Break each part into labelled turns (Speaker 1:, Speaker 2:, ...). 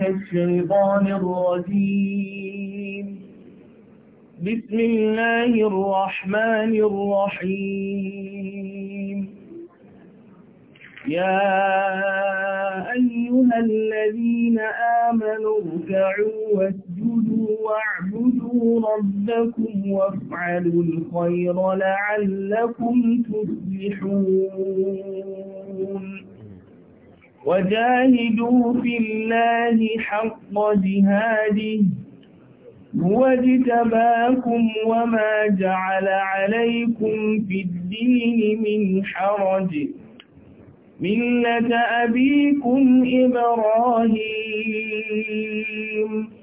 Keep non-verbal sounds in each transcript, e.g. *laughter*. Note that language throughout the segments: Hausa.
Speaker 1: الشيطان الرجيم بسم الله الرحمن الرحيم يا أيها الذين آمنوا اركعوا واسجدوا واعبدوا ربكم وافعلوا الخير لعلكم تفلحون وجاهدوا في الله حق جهاده هو اجتباكم وما جعل عليكم في الدين من حرج ملة أبيكم إبراهيم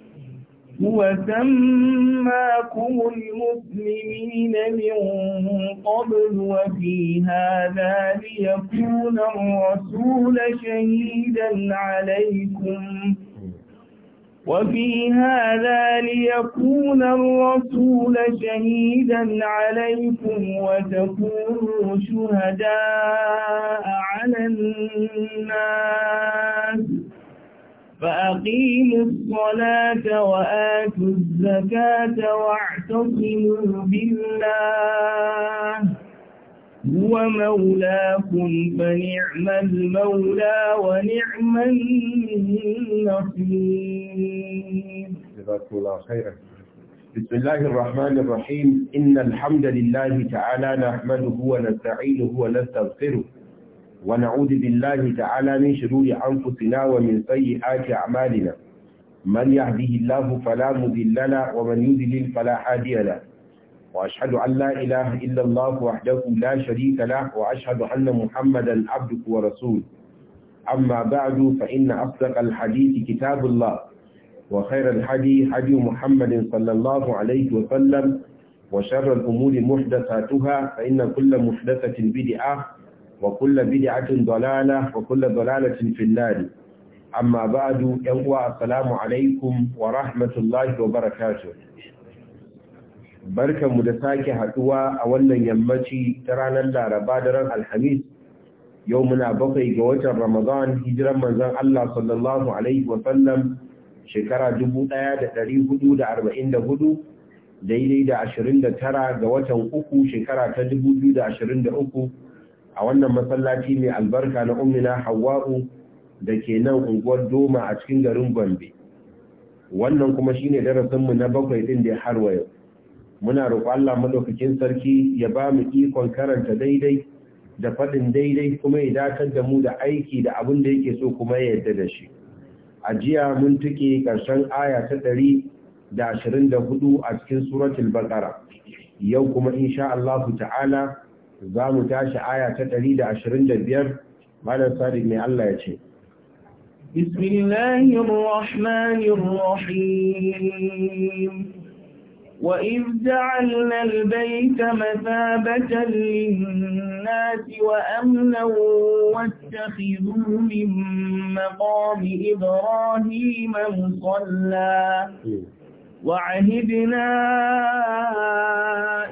Speaker 1: وسماكم المسلمين من قبل وفي هذا ليكون الرسول شهيدا عليكم وفي هذا ليكون الرسول شهيدا عليكم وتكونوا شهداء على الناس فأقيموا الصلاة وآتوا الزكاة واعتصموا بالله هو مولاكم فنعم المولى ونعم النصير
Speaker 2: جزاكم الله خيرا بسم الله الرحمن الرحيم إن الحمد لله تعالى نحمده ونستعينه ونستغفره ونعوذ بالله تعالى من شرور أنفسنا ومن سيئات أعمالنا من يهده الله فلا مذل له ومن يذلل فلا هادي له وأشهد أن لا إله إلا الله وحده لا شريك له وأشهد أن محمدا عبده ورسوله أما بعد فإن أصدق الحديث كتاب الله وخير الحدي حدي محمد صلى الله عليه وسلم وشر الأمور محدثاتها فإن كل محدثة بدعة وكل بدعة ضلالة وكل Amma في النار أما بعد يوم السلام عليكم wa الله وبركاته barka mu da sake haduwa a wannan yammaci ta ranar laraba daren alhamis yau muna bakwai ga watan ramadan hijiran manzon Allah sallallahu alaihi wa sallam shekara 1444 daidai da 29 ga watan uku shekara ta 2023 a wannan masallaci mai albarka na Umina hawa'u da ke nan unguwar doma a cikin garin gombe wannan kuma shine mu na bakwai ɗin da har wayo muna roƙo Allah madaukakin sarki ya ba mu ikon karanta daidai da faɗin daidai kuma ya dakatar da mu da aiki da abin da yake so kuma ya yarda da shi a jiya mun tuke ƙarshen aya ta ɗari da ashirin da hudu a cikin suratul baqara yau kuma insha Allahu ta'ala za mu tashi aya ta 125 malam sadiq mai Allah ya ce
Speaker 1: بسم الله الرحمن الرحيم وإذ جعلنا البيت مثابة للناس وأمنا واتخذوا من مقام إبراهيم مصلى وعهدنا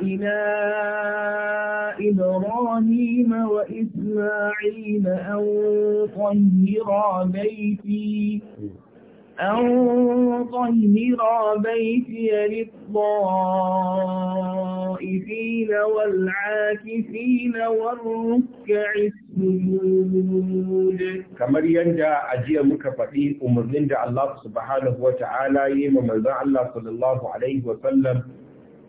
Speaker 1: إلى إبراهيم وإسماعيل أن طهر بيتي أن طهر بيتي للطائفين والعاكفين والركع السجود
Speaker 2: kamar yanda jiya muka faɗi umarnin da Allah subhanahu wata'ala yi ma manzon Allah sallallahu alaihi wa sallam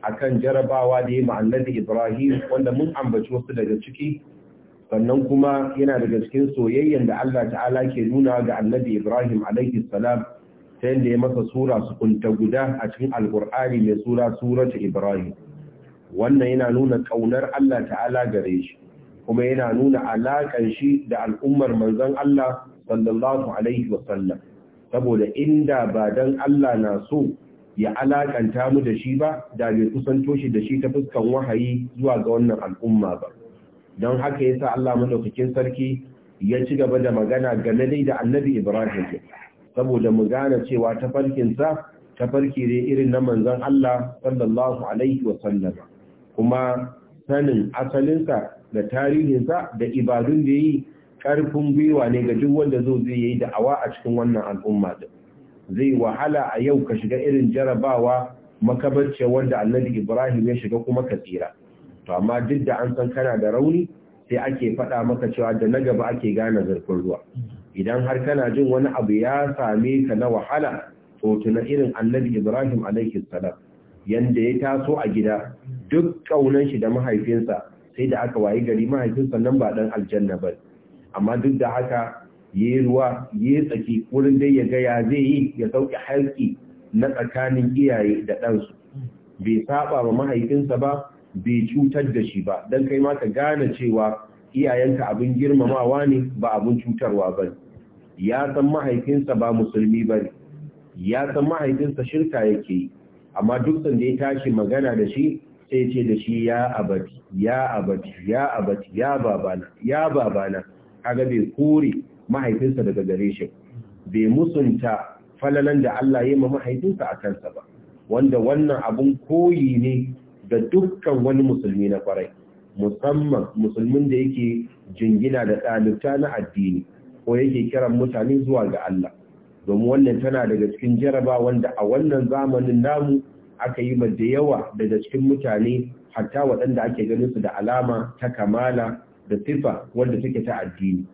Speaker 2: akan jarabawa da yi ma annabi Ibrahim wanda mun ambaci wasu daga ciki sannan kuma yana daga cikin soyayyen da Allah ta'ala ke nuna ga annabi Ibrahim alaihi salam ta yadda ya masa sura su kunta guda a cikin alkur'ani mai sura suratu ibrahim wannan yana nuna kaunar Allah ta'ala gare shi kuma yana nuna alaƙar shi da al'ummar manzon Allah sallallahu alaihi wasallam saboda inda ba dan Allah na so ya alaƙanta mu da shi ba da bai kusanto shi da shi ta fuskan wahayi zuwa ga wannan al'umma ba don haka yasa Allah madaukakin sarki ya ci gaba da magana game da annabi Ibrahim saboda mu gane cewa ta ta farki ne irin na manzon Allah sallallahu alaihi wa sallam kuma sanin asalinsa da tarihinsa da ibadun da yi karfin gwiwa ne ga duk wanda zo zai yi da'awa a cikin wannan al'umma din zai wahala a yau ka shiga irin jarabawa makabarce wanda annabi Ibrahim ya shiga kuma ka tsira to amma duk da an san kana da rauni sai ake faɗa maka cewa da na gaba ake gane zurfin ruwa idan har kana jin wani abu ya same ka na wahala to tuna irin annabi ibrahim alaihi salam yanda ya taso a gida duk kaunan shi da mahaifinsa sai da aka wayi gari mahaifinsa nan ba dan aljanna ba amma duk da haka yayi ruwa yayi tsaki wurin dai ya ga ya zai yi ya sauki harki na tsakanin iyaye da ɗansu bai saba wa mahaifinsa ba bai cutar da shi ba don kai ma ka gane cewa iyayenka abin girmamawa ne ba abin cutarwa ba ya san mahaifinsa ba musulmi ba ne ya san mahaifinsa shirka yake yi amma duk sanda ya tashi magana da shi sai ce da shi ya abati ya abati ya abati ya babana ya babana kaga bai kore mahaifinsa daga gare shi bai musunta falalan da Allah ya ma mahaifinsa a kansa ba wanda wannan abun koyi ne ga dukkan wani musulmi na kwarai musamman musulmin da yake jingina da ɗalibta na addini ko yake kiran mutane zuwa ga Allah domin wannan tana daga cikin jaraba wanda a wannan zamanin namu aka yi da yawa daga cikin mutane hatta waɗanda ake ganin su da alama ta kamala da sifa wanda take ta addini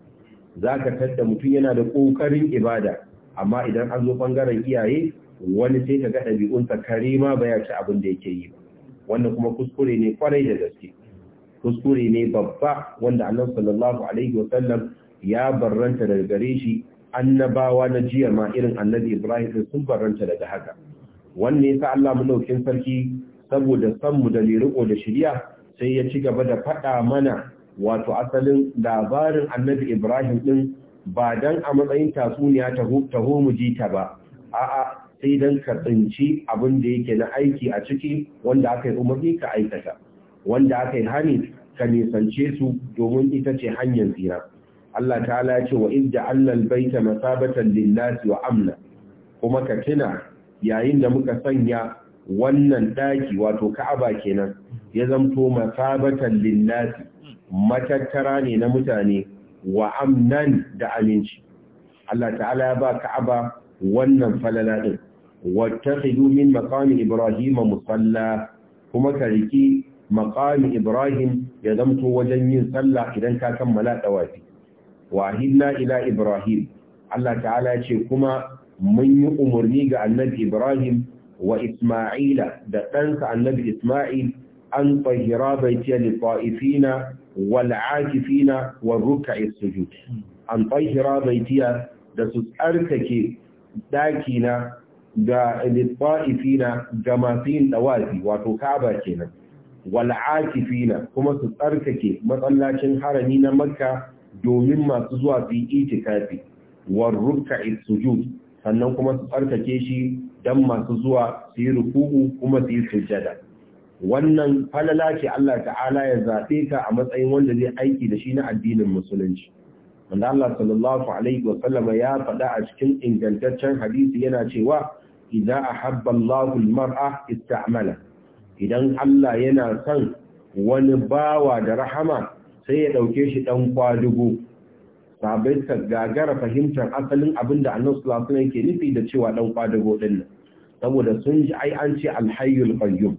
Speaker 2: zaka ka tadda mutum yana da ƙoƙarin ibada amma idan an zo ɓangaren iyaye wani sai ka ga ɗabi'unsa kare ma ba ya ci abin da yake yi ba wannan kuma kuskure ne kwarai da gaske kuskure ne babba wanda annabi sallallahu alaihi wasallam ya barranta daga gare shi annabawa na jiya ma irin annabi Ibrahim sun barranta daga haka wanne yasa Allah mu mulkin sarki saboda san mu da riko da shiriya sai ya ci gaba da faɗa mana wato asalin labarin annabi Ibrahim din ba dan a matsayin tasuniya ta mu ta ba a'a sai dan ka tsinci abin da yake na aiki a ciki wanda aka yi umarni ka aikata wanda aka yi hani ka nisance su domin ita ce hanyar tsira Allah ta'ala ya ce wa in ja'alna al-baita masabatan lin-nasi wa amna kuma ka tuna yayin da muka sanya wannan daki wato Ka'aba kenan ya zamto masabatan lin-nasi matattara ne na mutane wa amnan da aminci Allah ta'ala ya ba Ka'aba wannan falala din wattakhidu min maqami ibrahima musalla kuma ka riki maqami ibrahim ya zamto wajen yin sallah idan ka kammala dawafi wahilla ila ibrahim Allah ta'ala ce kuma mun yi umarni ga annabi ibrahim wa isma'ila da ɗansa annabi isma'il an tahira baitiya li ta'ifina wal akifina wal ruk'i sujud an bai baitiya da su tsarkake dakina ga litfa'ifina ga masu yin dawazi wato kaba kenan wal kuma su tsarkake matsallacin harami na makka domin masu zuwa su yi itikafi war ruk'a'is sujud sannan kuma su tsarkake shi dan masu zuwa su yi ruku'u kuma su yi sujjada wannan falala ce Allah ta'ala ya zaɓe ka a matsayin wanda zai aiki da shi na addinin musulunci wanda Allah sallallahu alaihi wa sallama ya faɗa a cikin ingantaccen hadisi yana cewa idza ahabba Allahu al-mar'a ista'mala idan Allah yana son wani bawa da rahama sai ya ɗauke shi ɗan kwadugo sabai gagara fahimtar asalin abin da annabi sallallahu alaihi wasallam ke nufi da cewa dan kwadugo din nan saboda sun ji ai an ce alhayyul qayyum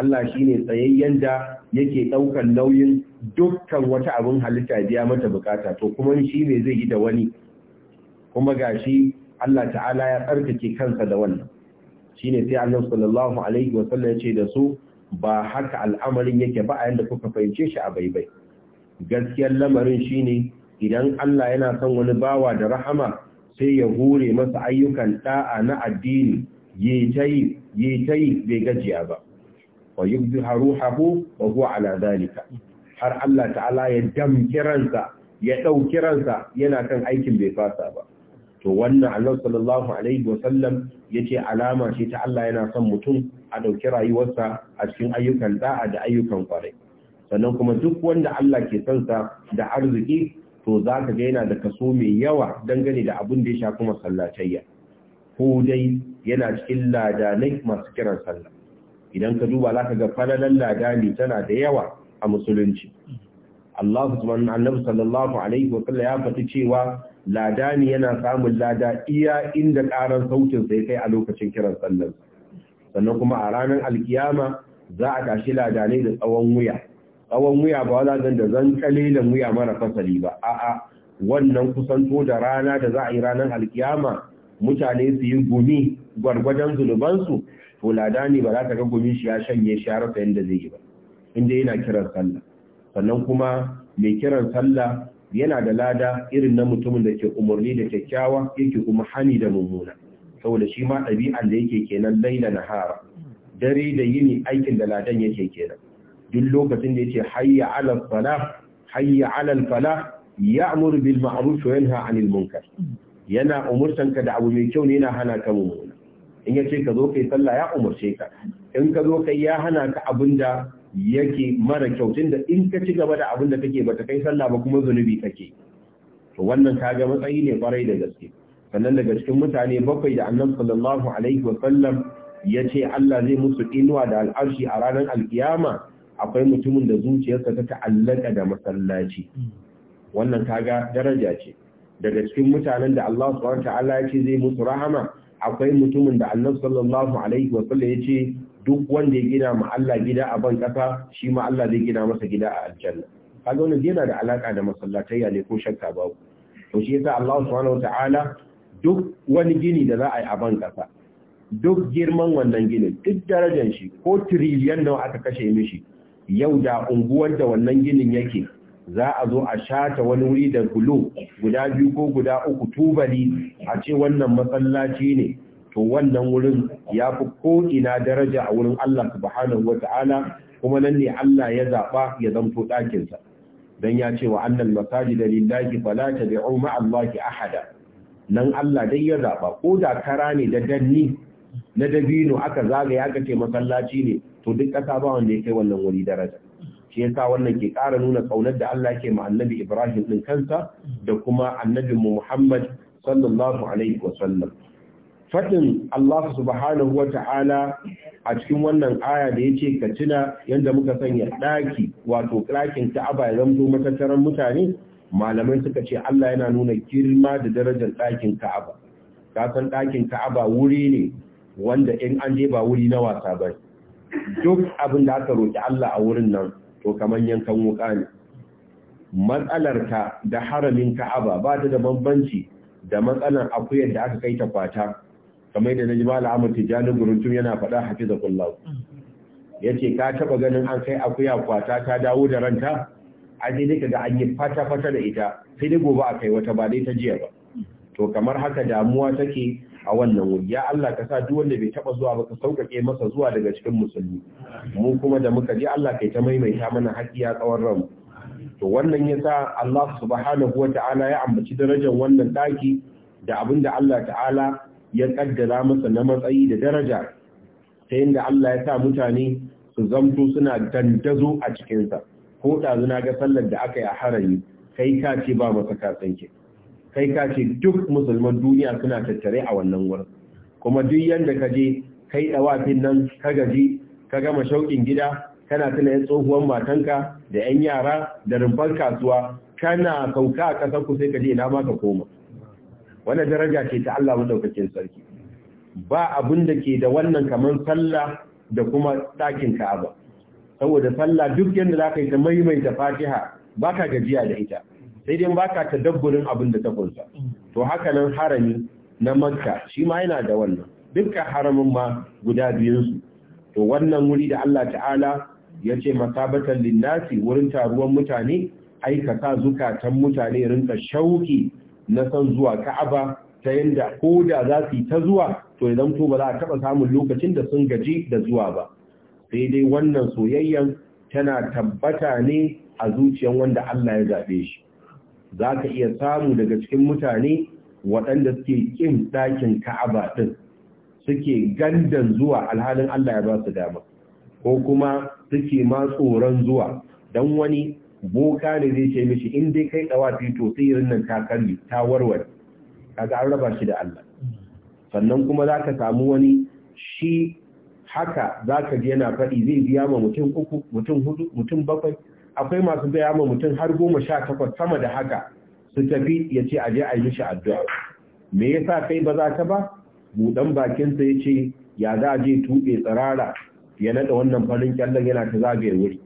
Speaker 2: Allah shine tsayayyen da yake daukar nauyin dukkan wata abin halitta biya mata bukata to kuma shi ne zai yi da wani kuma gashi Allah ta'ala ya tsarkake kansa da wannan shine sai annabi sallallahu alaihi wa ya ce da su ba haka al'amarin yake ba a yanda kuka fahimce shi a baibai gaskiyar lamarin shine idan Allah yana son wani bawa da rahama sai ya hure masa ayyukan da'a na addini yi bai gajiya ba wa yubdiha ruhahu wa huwa ala zalika har Allah ta'ala ya dam ransa ya dauki ransa yana kan aikin bai fasa ba to wannan Allah sallallahu alaihi wasallam yace alama ce ta Allah yana son mutum a dauki rayuwarsa a cikin ayyukan da'a da ayyukan kwarai sannan kuma duk wanda Allah ke son sa da arziki to za ka ga yana da kaso mai yawa dangane da abin da ya shafi masallatayya ko dai yana cikin ladanai masu kiran sallah idan ka duba za ka ga falalan ladani tana da yawa a musulunci Allah subhanahu annabi sallallahu alaihi wa sallam ya faɗi cewa ladani yana samun lada iya inda karan sautin sai kai a lokacin kiran sallah sannan kuma a ranar alkiyama za a tashi ladanai da tsawon wuya tsawon wuya ba wala zan da zan kalilan wuya mara fasali ba a'a wannan kusanto da rana da za a yi ranar alkiyama mutane su yi gumi gwargwadon zunubansu to lada ne ba za ta ga gumi shi ya shanye shi ya rasa yadda zai yi ba inda yana kiran sallah sannan kuma mai kiran sallah yana da lada irin na mutumin da ke umarni da kyakkyawa yake kuma hani da mummuna saboda shi ma ɗabi'an da yake kenan laila nahara dare da yini aikin da ladan yake kenan duk lokacin da yace hayya ala salah hayya ala falah ya'mur bil ma'ruf wa yanha 'anil munkar yana umurtan ka da abu mai kyau ne yana hana ka mummuna in yace ka zo kai sallah ya umurce ka in ka zo kai ya hana ka da yake mara kyau tunda in ka ci gaba da da kake bata kai sallah ba kuma zunubi kake to wannan kaga matsayi ne kwarai da gaske sannan daga cikin mutane bakwai da annabi sallallahu alaihi wa sallam yace Allah zai musu inuwa da al'arshi a ranar alkiyama akwai mutumin da zuciyarsa ta ta'allaka da masallaci wannan kaga daraja ce daga cikin mutanen da Allah subhanahu ta'ala ya ce zai musu rahama akwai mutumin da Annabi sallallahu alaihi wa sallam ya ce duk wanda ya gina ma Allah gida a ban kasa shi ma Allah zai gina masa gida a aljanna kaga wannan yana da alaka da masallatayya ne ko shakka babu to shi yasa Allah subhanahu ta'ala duk wani gini da za a yi a ban kasa duk girman wannan ginin duk darajar shi ko tiriliyan nawa aka kashe mishi yau da unguwar da wannan ginin yake za a zo a shata wani wuri da gulo guda biyu ko guda uku tubali a ce wannan masallaci ne to wannan wurin ya fi ko'ina daraja a wurin Allah subhanahu wa ta'ala kuma nan ne Allah ya zaɓa ya zamto ɗakinsa Dan ya ce wa annan masaji da lillahi fala ta bi'u Allahi ahada nan Allah dai ya zaɓa ko da kara ne da danni na dabino aka zaga ya kace masallaci ne to duk ƙasa ba wanda ya kai wannan wuri daraja shi yasa wannan ke ƙara nuna kaunar da Allah ke ma annabi Ibrahim din kansa da kuma annabin mu Muhammad sallallahu alaihi wa sallam fadin Allah subhanahu wa ta'ala a cikin wannan aya da yace ka tuna yanda muka sanya daki wato ɗakin Ka'aba ya zamto matattaran mutane malamai suka ce Allah yana nuna girma da darajar ɗakin Ka'aba. Kasan ɗakin Ka'aba wuri ne wanda in an je ba wuri na wasa ba duk abin da aka roƙi Allah a wurin nan to kamar yankan wuka ne matsalarka da haramin ka'aba ba ta da bambanci da matsalar akuyar da aka kai ta kwata kamar da najma mala amur tijjani guruntum yana faɗa hafiza kullum. ya ce ka taɓa ganin an kai akuya kwata ta dawo da ranta a je ne kaga an yi fata-fata da ita sai dai gobe a kai wata ba dai ta jiya ba to kamar haka damuwa take a wannan wuri ya Allah ka sa duk wanda bai taba zuwa ba ka sauƙaƙe masa zuwa daga cikin musulmi mu kuma da muka ji Allah kai ta maimaita mana haƙiya tsawon ran to wannan yasa Allah subhanahu wata'ala ya ambaci darajar wannan daki da da Allah ta'ala ya kaddara masa na matsayi da daraja ta yadda Allah ya sa mutane su zamto suna dandazo a cikinsa ko ɗazu na ga sallar da aka yi a harami kai ka ce ba masa katsanki kai ka ce duk musulman duniya suna tattare a wannan wurin kuma duk yanda ka je kai dawafin nan ka gaji ka gama shauƙin gida kana tuna yin tsohuwan matanka da yan yara da rumfar kasuwa kana sauka a ƙasar ku sai ka je ina ma ka koma wannan daraja ce ta Allah madaukakin sarki ba abun da ke da wannan kamar sallah da kuma ɗakin Ka'aba saboda sallah duk yanda zaka yi ta maimaita Fatiha baka gajiya da ita sai dai baka dabbulin abin da ta kunsa to haka nan harami na makka shi ma yana da wannan dukkan haramin ma guda biyunsu to wannan wuri da Allah ta'ala ya ce masabatan linnasi wurin taruwan mutane sa zukatan mutane rinka shauki na san zuwa ka'aba ta yanda ko da za su yi ta zuwa to idan to ba za a taɓa samun lokacin da sun gaji da zuwa ba sai dai wannan soyayyan tana tabbata ne a zuciyan wanda Allah ya zaɓe shi za ka iya samu daga cikin mutane waɗanda suke ƙin ɗakin ka'aba ɗin suke gandan zuwa alhalin Allah ya ba su dama ko kuma suke ma tsoron zuwa don wani boka ne zai ce mishi in dai kai ɗawafi to irin nan ta ta warware kaga an raba shi da Allah sannan kuma za ka samu wani shi haka za ka ji yana faɗi zai biya ma mutum mutum hudu mutum bakwai akwai masu gaya ma mutum har goma sha takwas sama da haka su tafi ya ce aje a yi mishi addu'a me ya sa kai ba za ta ba buɗan bakinsa ya ce ya za je tuɓe tsirara ya naɗa wannan farin kyallon yana ta zagaye wuri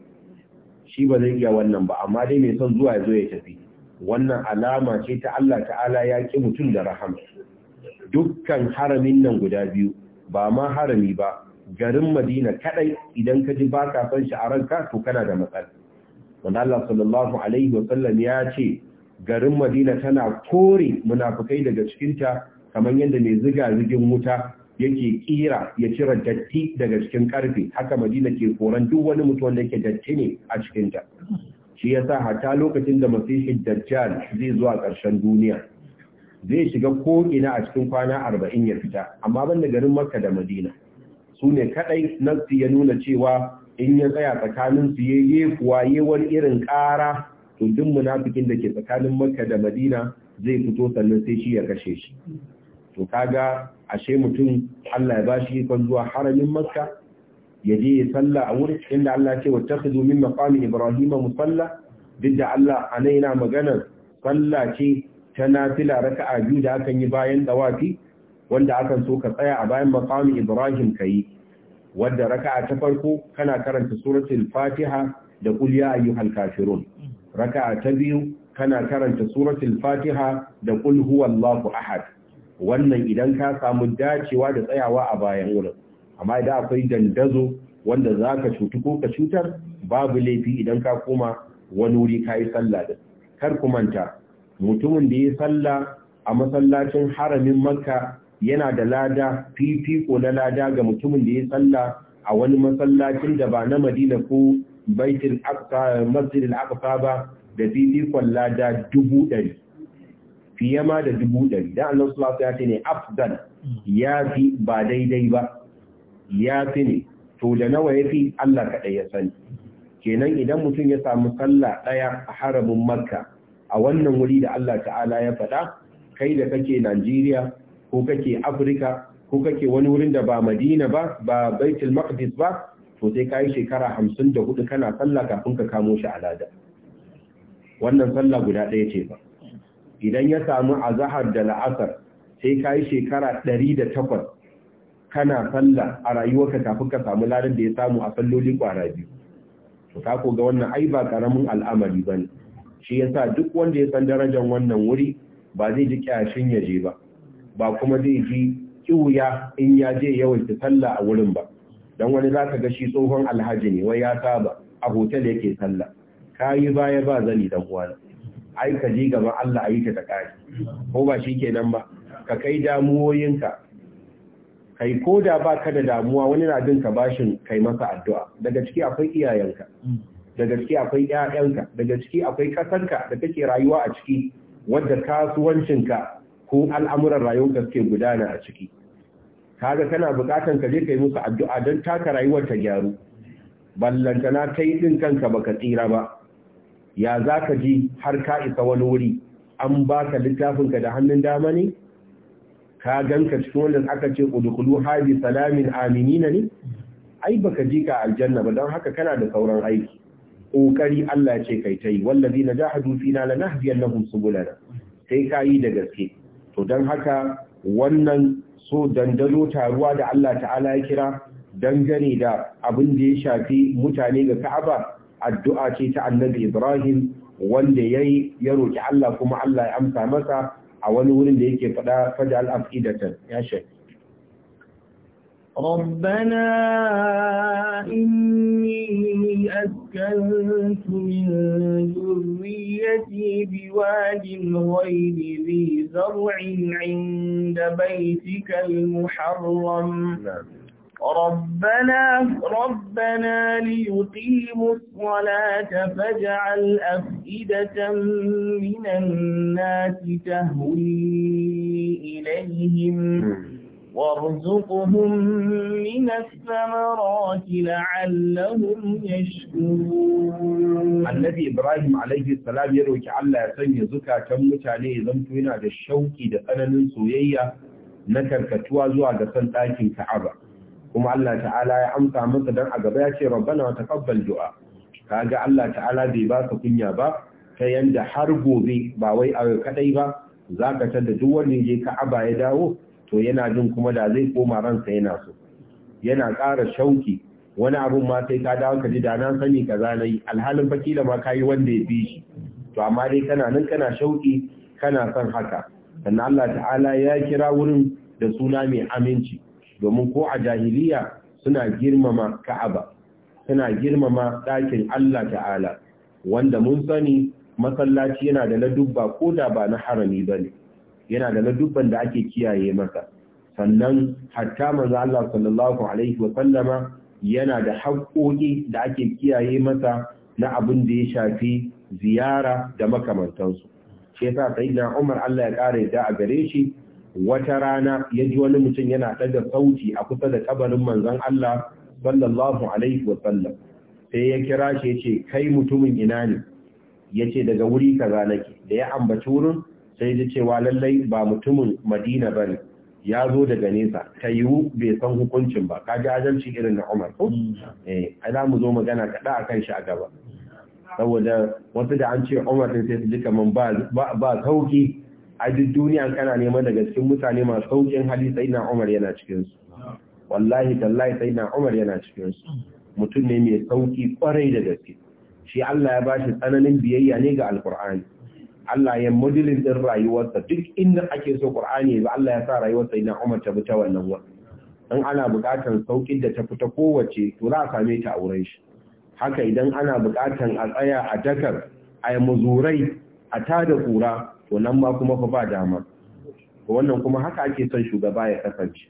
Speaker 2: shi ba zai iya wannan ba amma dai mai son zuwa ya zo ya tafi wannan alama ce ta Allah ta'ala ya ƙi mutum da rahama dukkan haramin nan guda biyu ba ma harami ba garin madina kaɗai idan ka ji ba ka son shi a ranka to kana da matsala wanda Allah sallallahu alaihi wasallam ya ce garin Madina tana kore munafukai daga cikinta kamar yadda mai ziga zigin wuta yake kira ya cire datti daga cikin karfe haka Madina ke koran duk wani mutum wanda yake datti ne a cikinta shi yasa hatta lokacin da masihin dajjal zai zo a ƙarshen duniya zai shiga ko'ina a cikin kwana arba'in ya fita amma banda garin Makka da Madina su ne kaɗai nasi ya nuna cewa in ya tsaya tsakanin su yi kuwa yi wani irin ƙara to duk munafikin da ke tsakanin Makka da Madina zai fito sannan sai shi ya kashe shi to kaga ashe mutum Allah ya bashi kan zuwa haramin Makka ya je ya salla a wuri, inda Allah ya ce wattakhidhu min maqami Ibrahim musalla duk da Allah alaina maganar salla ce ta nafila raka'a biyu da akan yi bayan dawafi wanda akan so ka tsaya a bayan maqami Ibrahim kai Wanda raka'a ta farko kana karanta suratul fatiha da qul ya ayyuhal kafirun raka'a ta biyu kana karanta suratul fatiha da qul huwallahu ahad wannan idan ka samu dacewa da tsayawa a bayan wurin amma idan akwai dandazo wanda zaka cutu ko ka cutar babu laifi idan ka koma wani wuri kayi sallah din kar ku manta mutumin da ya sallah a masallacin haramin makka yana da lada fifiko na lada ga mutumin da ya tsalla a wani masallacin da ba na madina ko baitin aqsa masjid ba da fifikon lada dubu ɗari fiye ma da dubu ɗari da Allah subhanahu ya ce ne afdal ya fi ba daidai ba ya fi ne to da nawa ya fi Allah kaɗai ya sani kenan idan mutum ya samu sallah ɗaya a harabin makka a wannan wuri da Allah ta'ala ya faɗa kai da kake Najeriya ko kake Afirka ko kake wani wurin da ba Madina ba ba Baitul Maqdis ba to sai kai shekara 54 kana sallah kafin ka kamo shi alada wannan sallah guda ɗaya ce ba idan ya samu azhar da la'asar sai kai shekara 108 kana sallah a rayuwarka kafin ka samu ladan da ya samu a salloli kwara biyu to ka koga wannan ai ba karamin al'amari bane shi yasa duk wanda ya san darajar wannan wuri ba zai ji kyashin ya je ba ba kuma zai ji kiwuya in ya je yawaita sallah a wurin ba don wani za ka ga shi tsohon alhaji ne wai ya saba a hotel yake sallah ka yi baya ba zani da kuwa ai ka ji gaban Allah ayi ta kai ko ba shi kenan ba ka kai damuwoyinka kai ko da ba ka da damuwa wani na jin ka bashin kai masa addu'a daga ciki akwai iyayenka daga ciki akwai ƴaƴanka daga ciki akwai kasanka da kake rayuwa a ciki wadda kasuwancinka ko al'amuran rayuwarka suke gudana a ciki kaga kana bukatan ka je kai musu addu'a don taka rayuwar ta gyaru ballantana kai din kanka baka tsira ba ya zaka ji har ka isa wani wuri an baka littafin ka da hannun dama ne ka ganka cikin wanda aka ce kudukulu haji salamin aminina ne ai baka ji ka aljanna ba don haka kana da sauran aiki kokari Allah ce kai tai wallazi najahadu fina lanahdiyannahum subulana sai kayi da gaske to don haka wannan so dandano taruwa da Allah ta'ala ya kira dangane da abin da ya shafi mutane ga Ka'aba addu'a ce ta Annabi Ibrahim wanda yayi ya roki Allah kuma Allah ya amsa masa a wani wurin da yake faɗa fajal afidatan ya shek
Speaker 1: أسكنت من ذريتي بواد غير ذي زرع عند بيتك المحرم نعم. ربنا ربنا ليقيموا الصلاة فاجعل أفئدة من الناس تهوي إليهم نعم. وارزقهم من الثمرات لعلهم
Speaker 2: يشكرون النبي ابراهيم عليه السلام يروي ya سني زكا كم متعني لم تكن على الشوك اذا انا من سويه نكر كتوا زوا ga san dakin ka'aba kuma Allah ta'ala ya amsa masa dan a gaba ya ce rabbana wa taqabbal du'a ga Allah ta'ala bai ba ka kunya ba ta yadda har gobe ba wai a kadai ba zaka tada duk wanda ya je ka'aba ya dawo to yana jin kuma da zai koma ransa yana so yana ƙara shauki wani abun ma sai ka dawo ka ji da na sani kaza na yi alhalin da ma yi wanda ya fi shi to amma dai kana nan kana shauki kana son haka sannan Allah ta'ala ya kira wurin da suna mai aminci domin ko a jahiliya suna girmama Ka'aba suna girmama ɗakin Allah ta'ala wanda mun sani masallaci yana da ladubba ko da ba na harami bane yana da ladubban da ake kiyaye masa sannan hatta manzo Allah sallallahu alaihi wa sallama yana da haƙoƙi da ake kiyaye masa na abin da ya shafi ziyara da makamantansu shi yasa sayyidina Umar Allah ya kare da a gare shi wata rana ya ji wani mutum yana daga sauti a kusa da kabarin manzon Allah sallallahu alaihi wa sallam sai ya kira shi yace kai mutumin ina ne yace daga wuri kaza nake da ya ambaci wurin sai ji cewa lallai ba mutumin madina ba ne ya zo daga nesa ta bai san hukuncin ba ka jajarci irin na umar ko mm. eh za mu zo magana kaɗa akan shi a gaba saboda wasu da an ce umar din sai su ji kaman ba sauƙi sauki a duk duniya kana nema daga cikin mutane masu saukin hali sai na umar yana cikin su wallahi tallahi sai na umar yana cikinsu. mutum ne mai sauki kwarai da gaske shi Allah ya bashi tsananin biyayya ne ga alkur'ani Allah ya modelin din rayuwarsa duk inda ake so Qur'ani ba Allah ya sa rayuwarsa ina Umar ta bi ta wannan wa in ana buƙatar saukin da ta fita kowace to za a same ta a wurin shi haka idan ana buƙatar a tsaya a dakar a yi muzurai a tada kura to nan ma kuma fa ba dama wannan kuma haka ake son shugaba ya kasance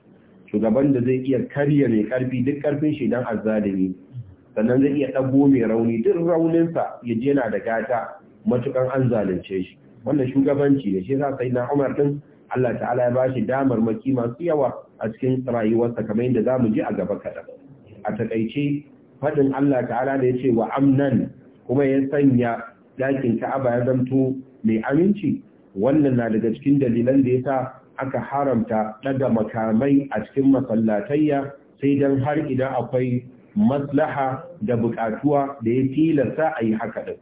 Speaker 2: shugaban da zai iya karya mai karfi duk karfin shi dan azzalimi sannan zai iya dago mai rauni duk rauninsa ya je na da gata matukan an zalunce shi wannan shugabanci da shi sa sai na Umar din Allah ta'ala ya bashi damar maki masu yawa a cikin rayuwarsa kamar yadda zamu ji a gaba kaɗan a takaice fadin Allah ta'ala da yace wa amnan kuma ya sanya dakin Ka'aba ya zanto mai aminci wannan na daga cikin dalilan da yasa aka haramta daga makamai a cikin masallatayya sai dan har idan akwai maslaha da bukatuwa da ya tilasta a yi haka din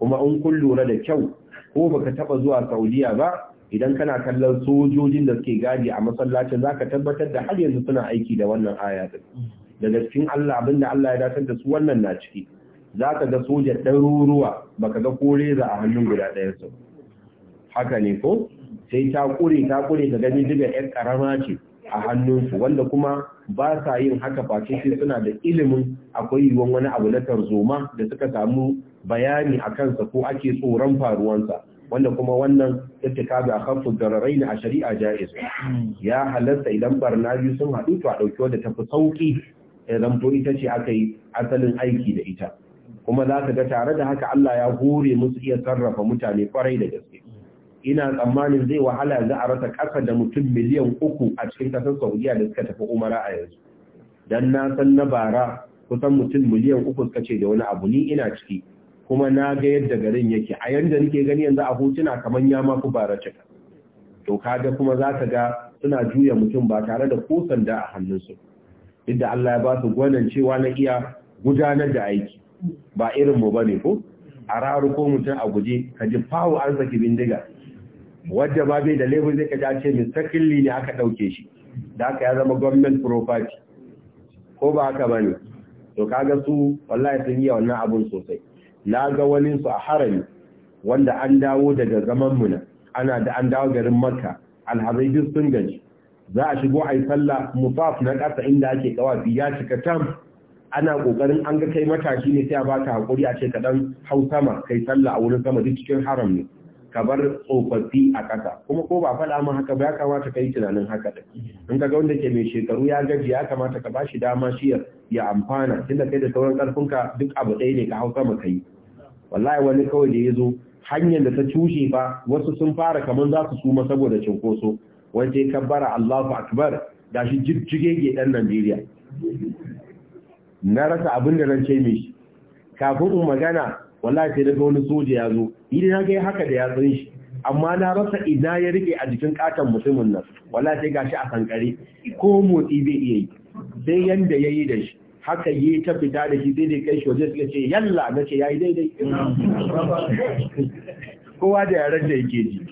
Speaker 2: kuma in kun lura da kyau ko baka taba zuwa Saudiya ba idan kana kallon sojojin da suke gadi a masallacin zaka tabbatar da har yanzu suna aiki da wannan aya din daga cikin Allah abinda Allah ya datar da su wannan na ciki zaka ga soja ɗaruruwa baka ga kore za a hannun guda ɗaya su haka ne ko sai ta kure ta kure ka gani diga 'yan karama ce a hannun su wanda kuma ba sa yin haka face sai suna da ilimin akwai yiwuwan wani abu na tarzoma da suka samu bayani a kansa ko ake tsoron faruwansa wanda kuma wannan ittikabi akhaffu dararain a shari'a jaiz ya halatta idan barna biyu sun haɗu to a dauki wanda tafi sauki idan to ita ce aka yi asalin aiki da ita kuma za ka ga tare da haka Allah ya hore musu iya sarrafa mutane kwarai da gaske ina tsammanin zai wahala yanzu a rasa ƙasa da mutum miliyan uku a cikin ƙasar Saudiya da suka tafi umara a yanzu dan na san na bara kusan mutum miliyan uku suka ce da wani abu ni ina ciki kuma na ga yadda garin yake a yanda nake gani yanzu a hotuna kamar ya ma bara cika to kaga kuma za ka ga suna juya mutum ba tare da ko sanda a hannunsu duk Allah ya ba su gwanin cewa na iya gudanar da aiki ba irin mu bane ko a raru ko mutum a guje ka ji fawo an saki bindiga wadda ba bai da laifin zai ka ce Mr. Kinley ne aka ɗauke shi da aka ya zama government property ko ba haka bane ne to kaga su wallahi sun yi wannan abun sosai na ga wani su a harami wanda an dawo daga zaman muna ana da an dawo garin makka alhazai duk sun gaji za a shigo a yi sallah musaf na ƙasa inda ake kawa ya cika tam ana ƙoƙarin an ga kai matashi ne sai a ta hakuri a ce ka dan hau sama kai sallah a wurin sama duk cikin haram ne ka bar tsofaffi a ƙasa kuma ko ba faɗa mu haka ba ya kamata ka yi tunanin haka da in ka ga wanda ke mai shekaru ya gaji ya kamata ka ba shi dama shi ya amfana tunda kai da sauran ƙarfinka duk abu ɗaya ne ka hau sama ka yi wallahi wani kawai da ya zo hanyar da ta cushe fa wasu sun fara kamar za su suma saboda cinkoso wanda ya kabbara Allahu akbar da shi jijjige ke ɗan Najeriya na rasa abin da nan ce shi. kafin in magana wallahi sai daga wani soja ya zo idan na ga haka da yatsun shi amma na rasa ina ya rike a jikin katon mutumin nan wallahi sai gashi a sankare ko motsi bai iya yi sai yanda ya yi da shi haka yi ta fita da shi sai dai kai shi waje suka ce yalla na ce yayi daidai kowa da yaren da yake ji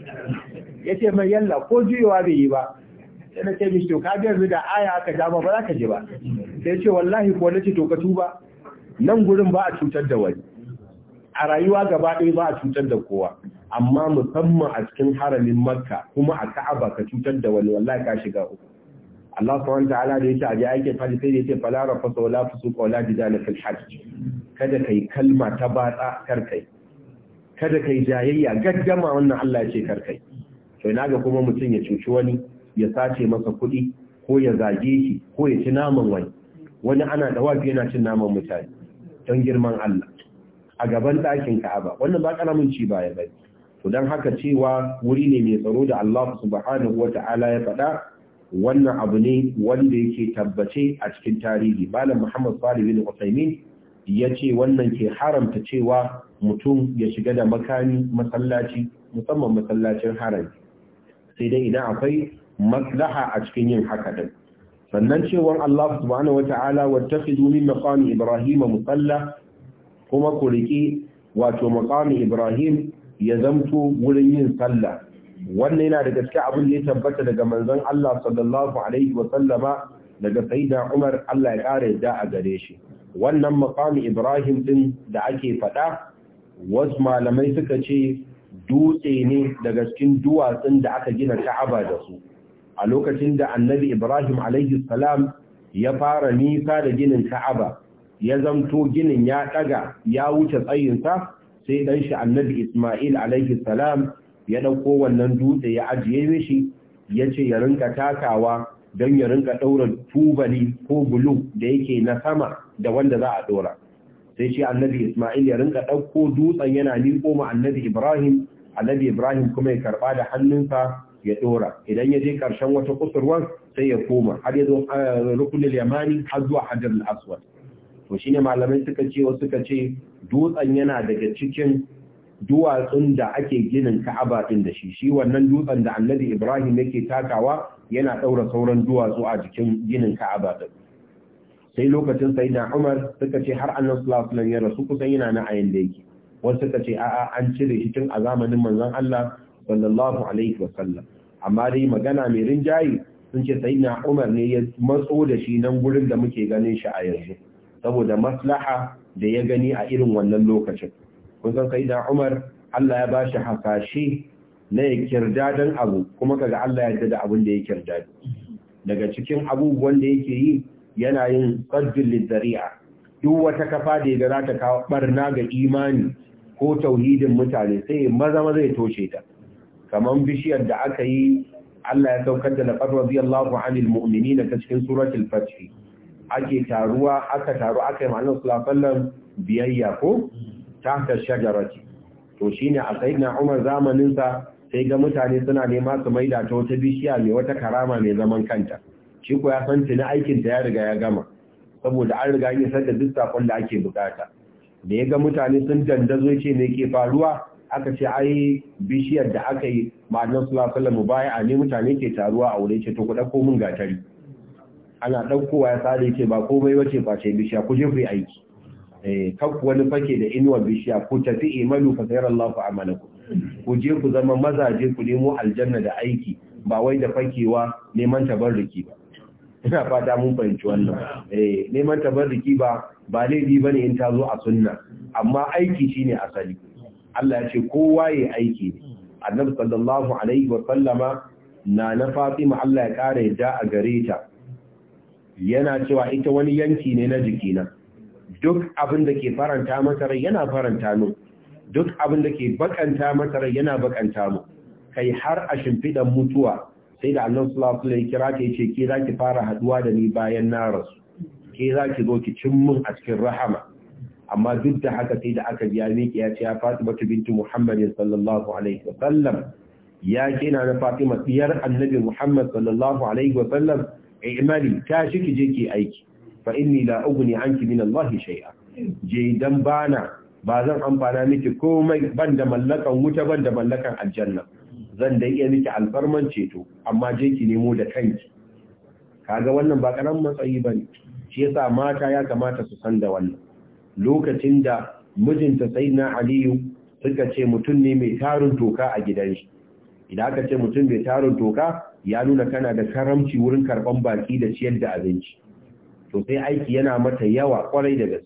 Speaker 2: ya ce mai yalla ko juyawa bai yi ba sai na ce mishi to ka ga yanzu da aya aka ja ba za ka ji ba sai ce wallahi ko na ce to ka tuba nan gurin ba a cutar da wani a rayuwa gaba ɗaya ba a cutar da kowa amma musamman a cikin haramin makka kuma a ka'aba ka cutar da wani wallahi ka shiga uku Allah subhanahu ta'ala da yake aje aikin hajji sai yace fala rafasu wala fusuqa wala jidala fil hajj kada kai kalma ta batsa kar kai kada kai jayayya gaddama wannan Allah yace ce kar kai to ina ga kuma mutum ya cuci wani ya sace masa kuɗi ko ya zage shi ko ya ci naman wani wani ana da wafi yana cin naman mutane don girman Allah a gaban ɗakin Ka'aba wannan ba karamin ci baya bai. to dan haka cewa wuri ne mai tsaro da Allah subhanahu wata'ala ya faɗa wannan abu ne wanda yake tabbace a cikin tarihi malam Muhammad Salih bin Uthaymeen ya ce wannan ke haramta cewa mutum ya shiga da makami masallaci musamman masallacin harami sai dai idan akwai maslaha a cikin yin haka din sannan cewar Allah subhanahu wata'ala wattakhidhu min maqami Ibrahim musalla kuma ku riƙi wato maqami Ibrahim ya zamto wurin yin sallah wannan yana daga cikin abin da ya tabbata daga manzon Allah sallallahu alaihi wa sallama daga sayyida Umar Allah ya kare da a gare shi wannan maqami Ibrahim din da ake fada wasu malamai suka ce dutse ne daga cikin duwatsun da aka gina Ka'aba da su a lokacin da Annabi Ibrahim alaihi salam ya fara nisa da ginin Ka'aba ya zamto ginin ya ɗaga ya wuce tsayinsa sai ɗan shi annabi Ismail alaihi salam ya ɗauko wannan dutse ya ajiye mishi ya ce ya rinka takawa don ya rinka ɗaurin tubali ko bulu da yake na sama da wanda za a ɗora. Sai shi annabi Ismail ya rinka ɗauko dutsen yana miƙo ma annabi Ibrahim, annabi Ibrahim kuma ya karɓa da hannunsa ya ɗora. Idan ya je ƙarshen wata kusurwar sai ya koma har ya zo eh, rukunin yamani har zuwa hajar al-aswad. to shi ne malamai suka ce wasu suka ce dutsen yana daga cikin duwatsun da ake ginin Ka'aba din da shi shi wannan dutsen da Annabi Ibrahim yake takawa yana daura sauran duwatsu a jikin ginin Ka'aba din sai lokacin Sayyidina Umar suka ce har Annabi sallallahu ya rasu kusan yana na ayin da yake wasu suka ce a'a an cire shi tun a zamanin manzon Allah sallallahu alaihi wasallam amma dai magana mai rinjayi sun ce Sayyidina Umar ne ya matso da shi nan gurin da muke ganin shi a yanzu saboda maslaha da ya gani a irin wannan lokacin kun san sai da Umar Allah ya ba shi hasashe na ya don abu kuma kaga Allah ya da abin da ya kirdadi daga cikin abubuwan da yake yi yana yin qaddul lidari'a duk wata kafa da ya za ta kawo barna ga imani ko tauhidin mutane sai maza maza ya toshe ta kamar bishiyar da aka yi Allah ya saukar da laqad radiyallahu anil mu'minina ta cikin suratul fath ake taruwa aka taru aka yi ma'anar sulasallan biyayya ko Ta tahta ce to shine a na Umar zamaninsa sai ga mutane suna nema su maida ta wata bishiya mai wata karama mai zaman kanta shi ko ya san tuni aikin ta ya riga ya gama saboda an riga ya san da duk sakon da ake bukata da ya ga mutane sun dandazo ce me ke faruwa aka ce ai bishiyar da aka yi ma'anar baya a ne mutane ke taruwa a wuri ce to ku dauko mun gatari ana ɗaukowa ya tsare ce ba komai wace face bishiya ku je ku yi aiki eh, kan wani fake da inuwa bishiya ku tafi imanu fa sayar Allah ku amana ku je ku zama mazaje ku nemo aljanna da aiki ba wai da fakewa neman tabarriki ba ina fata mun fahimci wannan eh neman tabarriki ba ba laifi bane in ta zo a sunna amma aiki shine asali Allah ya ce kowa yayi aiki ne annabi sallallahu alaihi wa sallama na na Fatima Allah ya kare da a gare ta yana cewa ita wani yanki ne na jikina duk abin da ke faranta masa rai yana faranta mu. duk abin da ke bakanta masa rai yana bakanta mu kai har a shimfidan mutuwa sai da Allah sallallahu alaihi kira ya yace ke zaki fara haduwa da ni bayan na rasu ke zaki zo ki cin min a cikin rahama amma duk da haka sai da aka biya miki ya ce ya Fatima bintu Muhammad sallallahu alaihi sallam ya kina na Fatima diyar Annabi Muhammad sallallahu alaihi sallam. imani ta shi ki je ki aiki fa inni la ughni anki min Allah shay'a je dan bana ba zan amfana miki komai banda mallakan wuta banda mallakan aljanna zan dai iya miki alfarman ceto amma je ki nemo da kanki kaga wannan ba karamin matsayi bane shi yasa mata ya kamata su san da wannan lokacin da mijinta sayyidina aliyu suka ce mutum ne mai tarin toka a gidan shi idan aka ce mutum mai tarin toka ya nuna kana da karamci wurin karban baki da ciyar da abinci to sai aiki yana mata yawa kwarai da gaske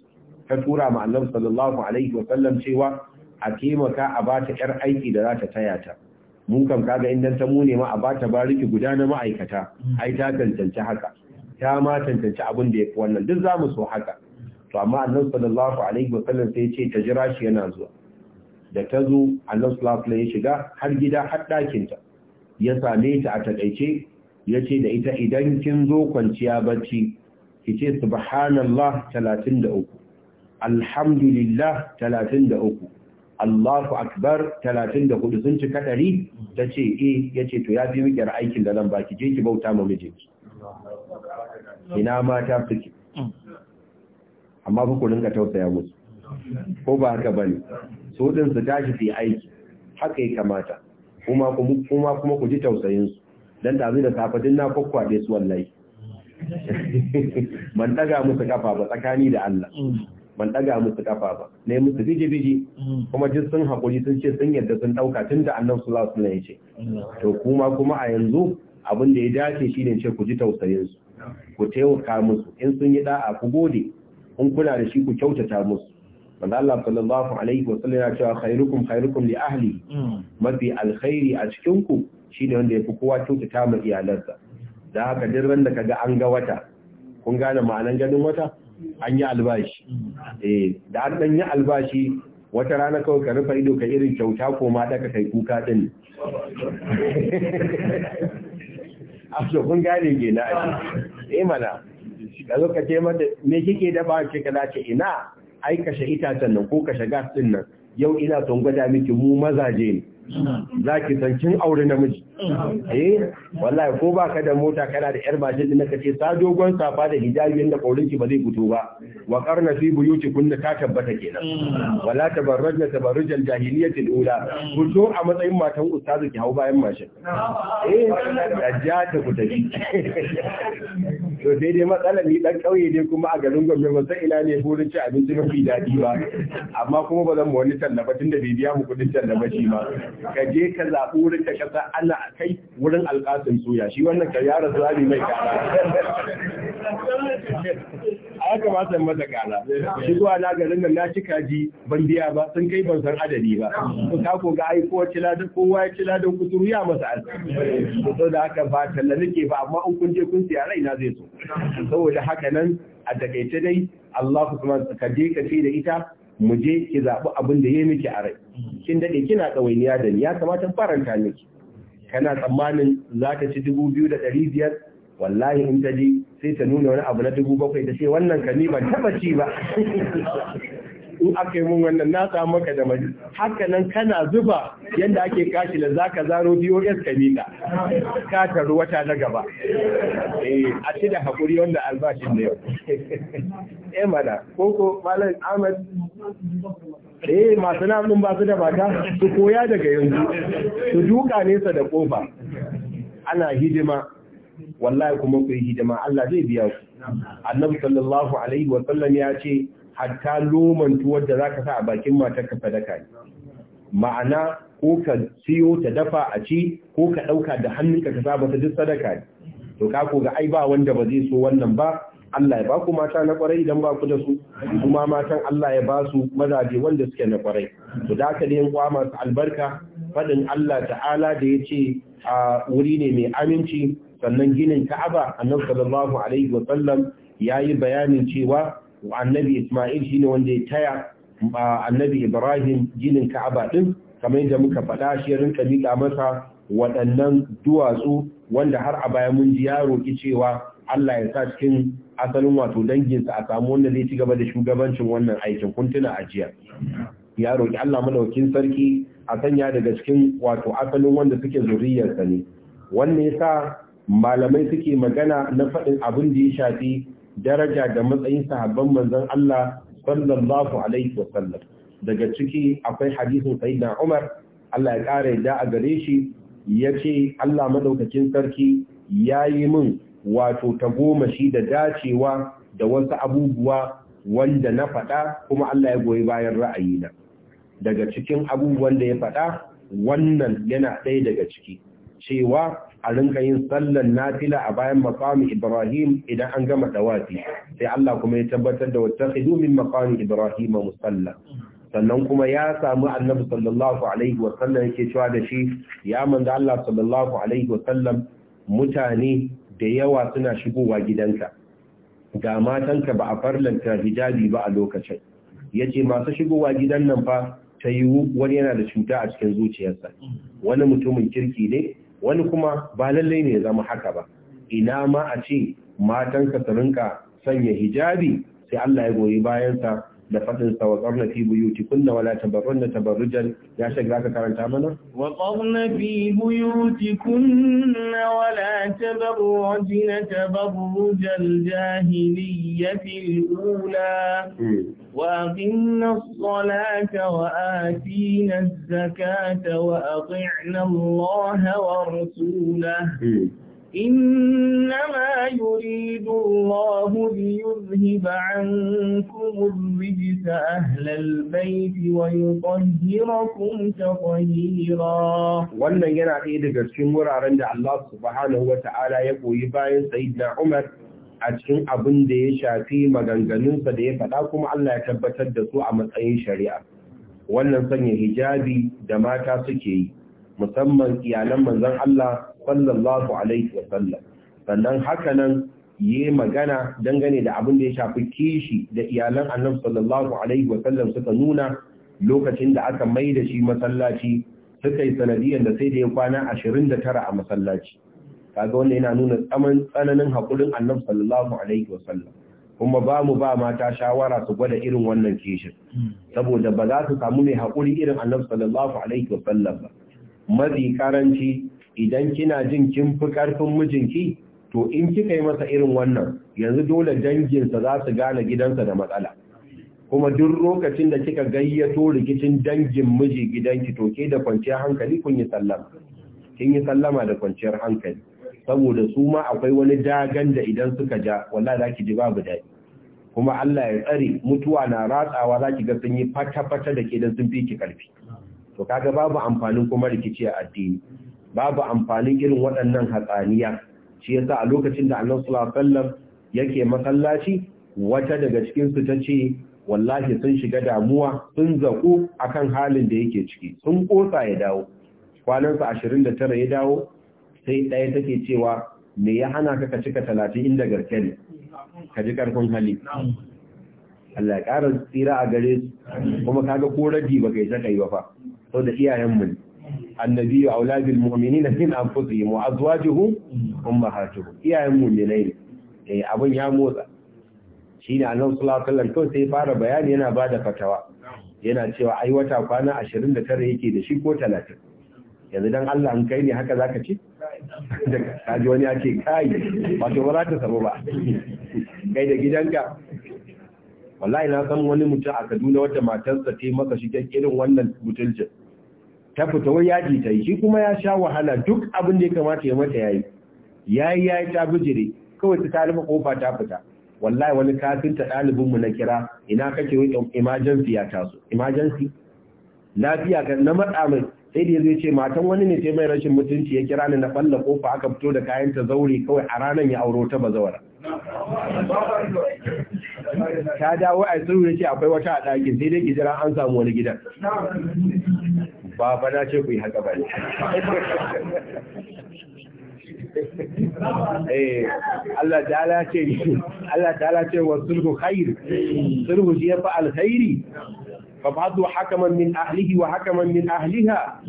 Speaker 2: ta tura ma annabi sallallahu alaihi wa sallam cewa a taimaka a bata yar aiki da za ta taya ta mun kam kaga indan ta mune ma a bata bariki guda na ma'aikata mm. ai ta tantance haka ta ma tantance abin da yafi wannan duk zamu so haka to amma annabi sallallahu alaihi wa sallam sai ce ta jira shi yana zuwa da ta zo annabi sallallahu alaihi ya shiga har gida har ɗakinta. ta ya same ta a takaice ya ce da ita idan kin zo kwanciya bacci ki ce subhanallah 33 alhamdulillah 33 Allahu akbar 34 sun cika ɗari ta ce e ya ce to ya fi mikiyar aikin da zan ba ki je ki bauta ma mijinki
Speaker 1: ina mata
Speaker 2: suke amma ku rinka tausaya
Speaker 1: musu
Speaker 2: ko ba haka bane su din su tashi fi aiki haka ya kamata kuma kuma kuma ku ji tausayin su dan da da safa din na kokkwade su wallahi *laughs* ban daga musu kafa ba tsakani da Allah mm. ban daga musu kafa ba ne musu biji biji mm. kuma jin sun hakuri sun ce sun yadda sun dauka tun da Annabi sallallahu alaihi wasallam ya ce to kuma kuma a yanzu abin da ya dace shine ce ku ji tausayin su ku taimaka musu in sun yi da'a ku gode in kuna da shi ku kyautata musu manzo Allah sallallahu alaihi wa sallam ya cewa khairukum khairukum li ahli hmm. mafi alkhairi a cikin ku shine wanda yafi kowa ta mu iyalansa da haka duk ran da kaga an ga wata kun gane ma'anan ganin wata an yi albashi hmm. eh da an dan yi albashi wata rana kawai ka rufe ido ka irin kyauta ko ma daka kai kuka din a *laughs* so kun gane ke na eh mana ka zo ka ce mata me kike dafa ce ka dace ina ai kashe itacen nan ko kashe gas din nan yau ina son gwada miki mu mazaje ne za ki san kin aure namiji mm. eh wallahi ko baka da mota kana da yar mashin din na ce sa dogon safa da hijabi da kaurin ki ba zai fito ba wa qarna fi buyuti kunna ta tabbata kenan mm. wala tabarrajna tabarrujal jahiliyyati al-ula mm. zo a matsayin matan ustazu ki hau bayan mashin eh da ta ku tafi to dai dai matsalar ni dan kauye dai kuma a garin Gombe ban san ina ne burin ci abinci mafi dadi ba amma kuma ba zan mu wani tallafa tunda bai biya mu kudin tallafa shi ba ka je ka zaɓi wurin ka kasa ana a kai wurin alƙasin soya shi wannan ka yara zabi mai kara
Speaker 1: a
Speaker 2: ya kamata in mata kara shi zuwa na garin nan na cika ji ban biya ba sun kai ban san adadi ba to ka ko ga ai kowa ci ladan kowa ya ci ladan kuturu ya masa arziki to da haka ba talla nake ba amma in kun je kun raina zai so saboda haka nan a takaice dai Allah kuma ka je ka ce da ita mu je ki zaɓi abin da ya yi miki a rai kin daɗe kina ɗawainiya da ni ya kamata faranta miki kana tsammanin za ka ci dubu biyu da ɗari biyar wallahi in ta ji sai ta nuna wani abu na dubu bakwai ta ce wannan kani ban taɓa ci ba *laughs* in aka yi mun wannan na samu maka da maji. haka nan kana zuba yadda ake kashi da za ka zaro bos ka mika ka taru wata na gaba eh, a ci da haƙuri wanda albashin da yau *laughs* eh mana koko malam ahmad eh masu namun ba su da mata su koya daga yanzu su duka nesa da kofa ana hidima wallahi kuma ku yi hidima Allah zai biya ku annabi sallallahu alaihi wa sallam ya ce hatta wadda za ka sa a bakin matar ka sadaka ne ma'ana ko ka siyo ta dafa a ci ko ka ɗauka da hannunka ka sa mata duk sadaka ne to ka ga ai ba wanda ba zai so wannan ba Allah ya ba ku mata na kwarai idan ba ku da su kuma matan Allah ya ba su mazaje wanda suke na kwarai to da haka ne kwa masu albarka fadin Allah ta'ala da ya ce a wuri ne mai aminci sannan ginin Ka'aba annabi sallallahu alaihi wa sallam yayi bayanin cewa annabi Ismail shine wanda ya taya annabi Ibrahim ginin Ka'aba din kamar yadda muka faɗa shi rinka miƙa masa waɗannan duwatsu wanda har a baya mun ji ya roƙi cewa Allah ya sa cikin asalin wato danginsa a samu wanda zai ci gaba da shugabancin wannan aikin kuntuna ajiya ya roƙi Allah madaukin sarki a sanya daga cikin wato asalin wanda suke zuriyarsa ne wannan yasa malamai suke magana na faɗin abin da ya shafi daraja da matsayin sahabban manzon Allah sallallahu alaihi wa sallam daga ciki akwai hadisin sayyidina Umar Allah ya kare da a gare shi yace Allah madaukakin sarki yayi min wato tagomashi da dacewa da wasu abubuwa wanda na faɗa kuma Allah ya goyi bayan ra'ayina daga cikin abubuwan da ya faɗa wannan yana ɗaya daga ciki cewa a rinka yin sallan nafila a bayan maqami Ibrahim idan an gama tawafi, sai Allah kuma ya tabbatar da wattakhidu min maqami Ibrahim musalla sannan kuma ya samu Annabi sallallahu alaihi wa sallam yake cewa da shi ya manzo Allah sallallahu alaihi wa sallam mutane da yawa suna shigowa gidanka ga matanka ba a farlanta hijabi ba a lokacin yace masu shigowa gidan nan fa ta yiwu wani yana da cuta a cikin zuciyarsa wani mutumin kirki ne wani kuma ba lallai ne ya zama haka ba ina ma a ce matanka su rinka sanya hijabi sai Allah ya goyi bayansa da fadin sa wa qarna kunna buyutikunna wala tabarrunna tabarrujan ya shi zaka karanta mana
Speaker 1: wa qarna fi buyutikunna wala tabarrujna tabarrujal jahiliyyati al-ula وأقمنا الصلاة وآتينا الزكاة وأطعنا الله ورسوله إنما يريد الله ليذهب عنكم الرجس أهل البيت ويطهركم تطهيرا
Speaker 2: wannan yana ɗaya daga cikin wuraren da Allah subhanahu wa ya koyi bayan sayyidina Umar a cikin abin da ya shafi maganganunsa da ya faɗa kuma Allah ya tabbatar da su a matsayin shari'a wannan sanya hijabi da mata suke yi musamman iyalan manzon Allah sallallahu alaihi wa sallam sannan haka nan yi magana dangane da abin da ya shafi kishi da iyalan annabi sallallahu alaihi wa sallam suka nuna lokacin da aka mai da shi masallaci suka yi da sai da ya kwana 29 a masallaci kaga wanda yana nuna tsaman tsananin haƙurin annabi sallallahu alaihi wa sallam kuma ba mu ba mata shawara su gwada irin wannan kishin saboda ba za su samu mai hakuri irin annabi sallallahu alaihi wa sallam ba mafi karanci idan kina jin kin fi ƙarfin mijinki to in kika yi masa irin wannan yanzu dole danginsa za su gane gidansa da matsala kuma duk lokacin da kika gayyato rikicin dangin miji gidanki to ke da kwanciyar hankali kun yi sallama kin yi sallama da kwanciyar hankali saboda su ma akwai wani dagan da idan suka ja wallahi za ki ji babu daɗi kuma Allah ya tsare mutuwa na ratsawa za ki ga sun yi fata-fata da ke don sun fi ki karfi to kaga babu amfanin kuma rikici a addini babu amfanin irin waɗannan hatsaniya shi yasa a lokacin da annabi sallallahu yake masallaci wata daga cikin su ce wallahi sun shiga damuwa sun zaku akan halin da yake ciki sun kosa ya dawo ashirin da tara ya dawo sai ɗaya take cewa me ya hana ka ka cika talatin inda garke ne ka ji karfin hali Allah ya ƙara tsira a gare su kuma kaga ko rabi baka yi ta yi ba fa saboda iyayen mu ne annabi ya aula bil mu'minina min anfusihim wa azwajuhum ummahatuhum iyayen mu'minai ne eh abin ya motsa shine annabi sallallahu alaihi wasallam sai fara bayani yana bada fatawa yana cewa ai wata kwana 29 yake da shi ko 30 yanzu dan Allah an kai ne haka zaka ce da ji wani ake kai wato ba za ta samu ba kai da gidanka wallahi na san wani mutum a Kaduna wata matarsa ta yi masa shi irin wannan mutuncin ta fita wai yaji ta yi shi kuma ya sha wahala duk abin da ya kamata ya mata yayi yayi yayi ta bijire kawai ta talifa kofa ta fita wallahi wani kafinta dalibin mu na kira ina kake wai emergency ya taso emergency lafiya kan na matsa mai sai da yace ce matan wani ne sai mai rashin mutunci ya kira ni na balla kofa aka fito da kayan ta zaure kawai a ranar ya auro ta bazawara ta dawo a tsuru ya ce akwai wata a ɗakin sai dai ki an samu wani gidan ba ba na ce ku yi haka ba ne eh Allah ta'ala ce Allah ta'ala ce wa sulhu khair sulhu shi yafa alkhairi fa ba'du hakaman min ahlihi wa hakaman min ahliha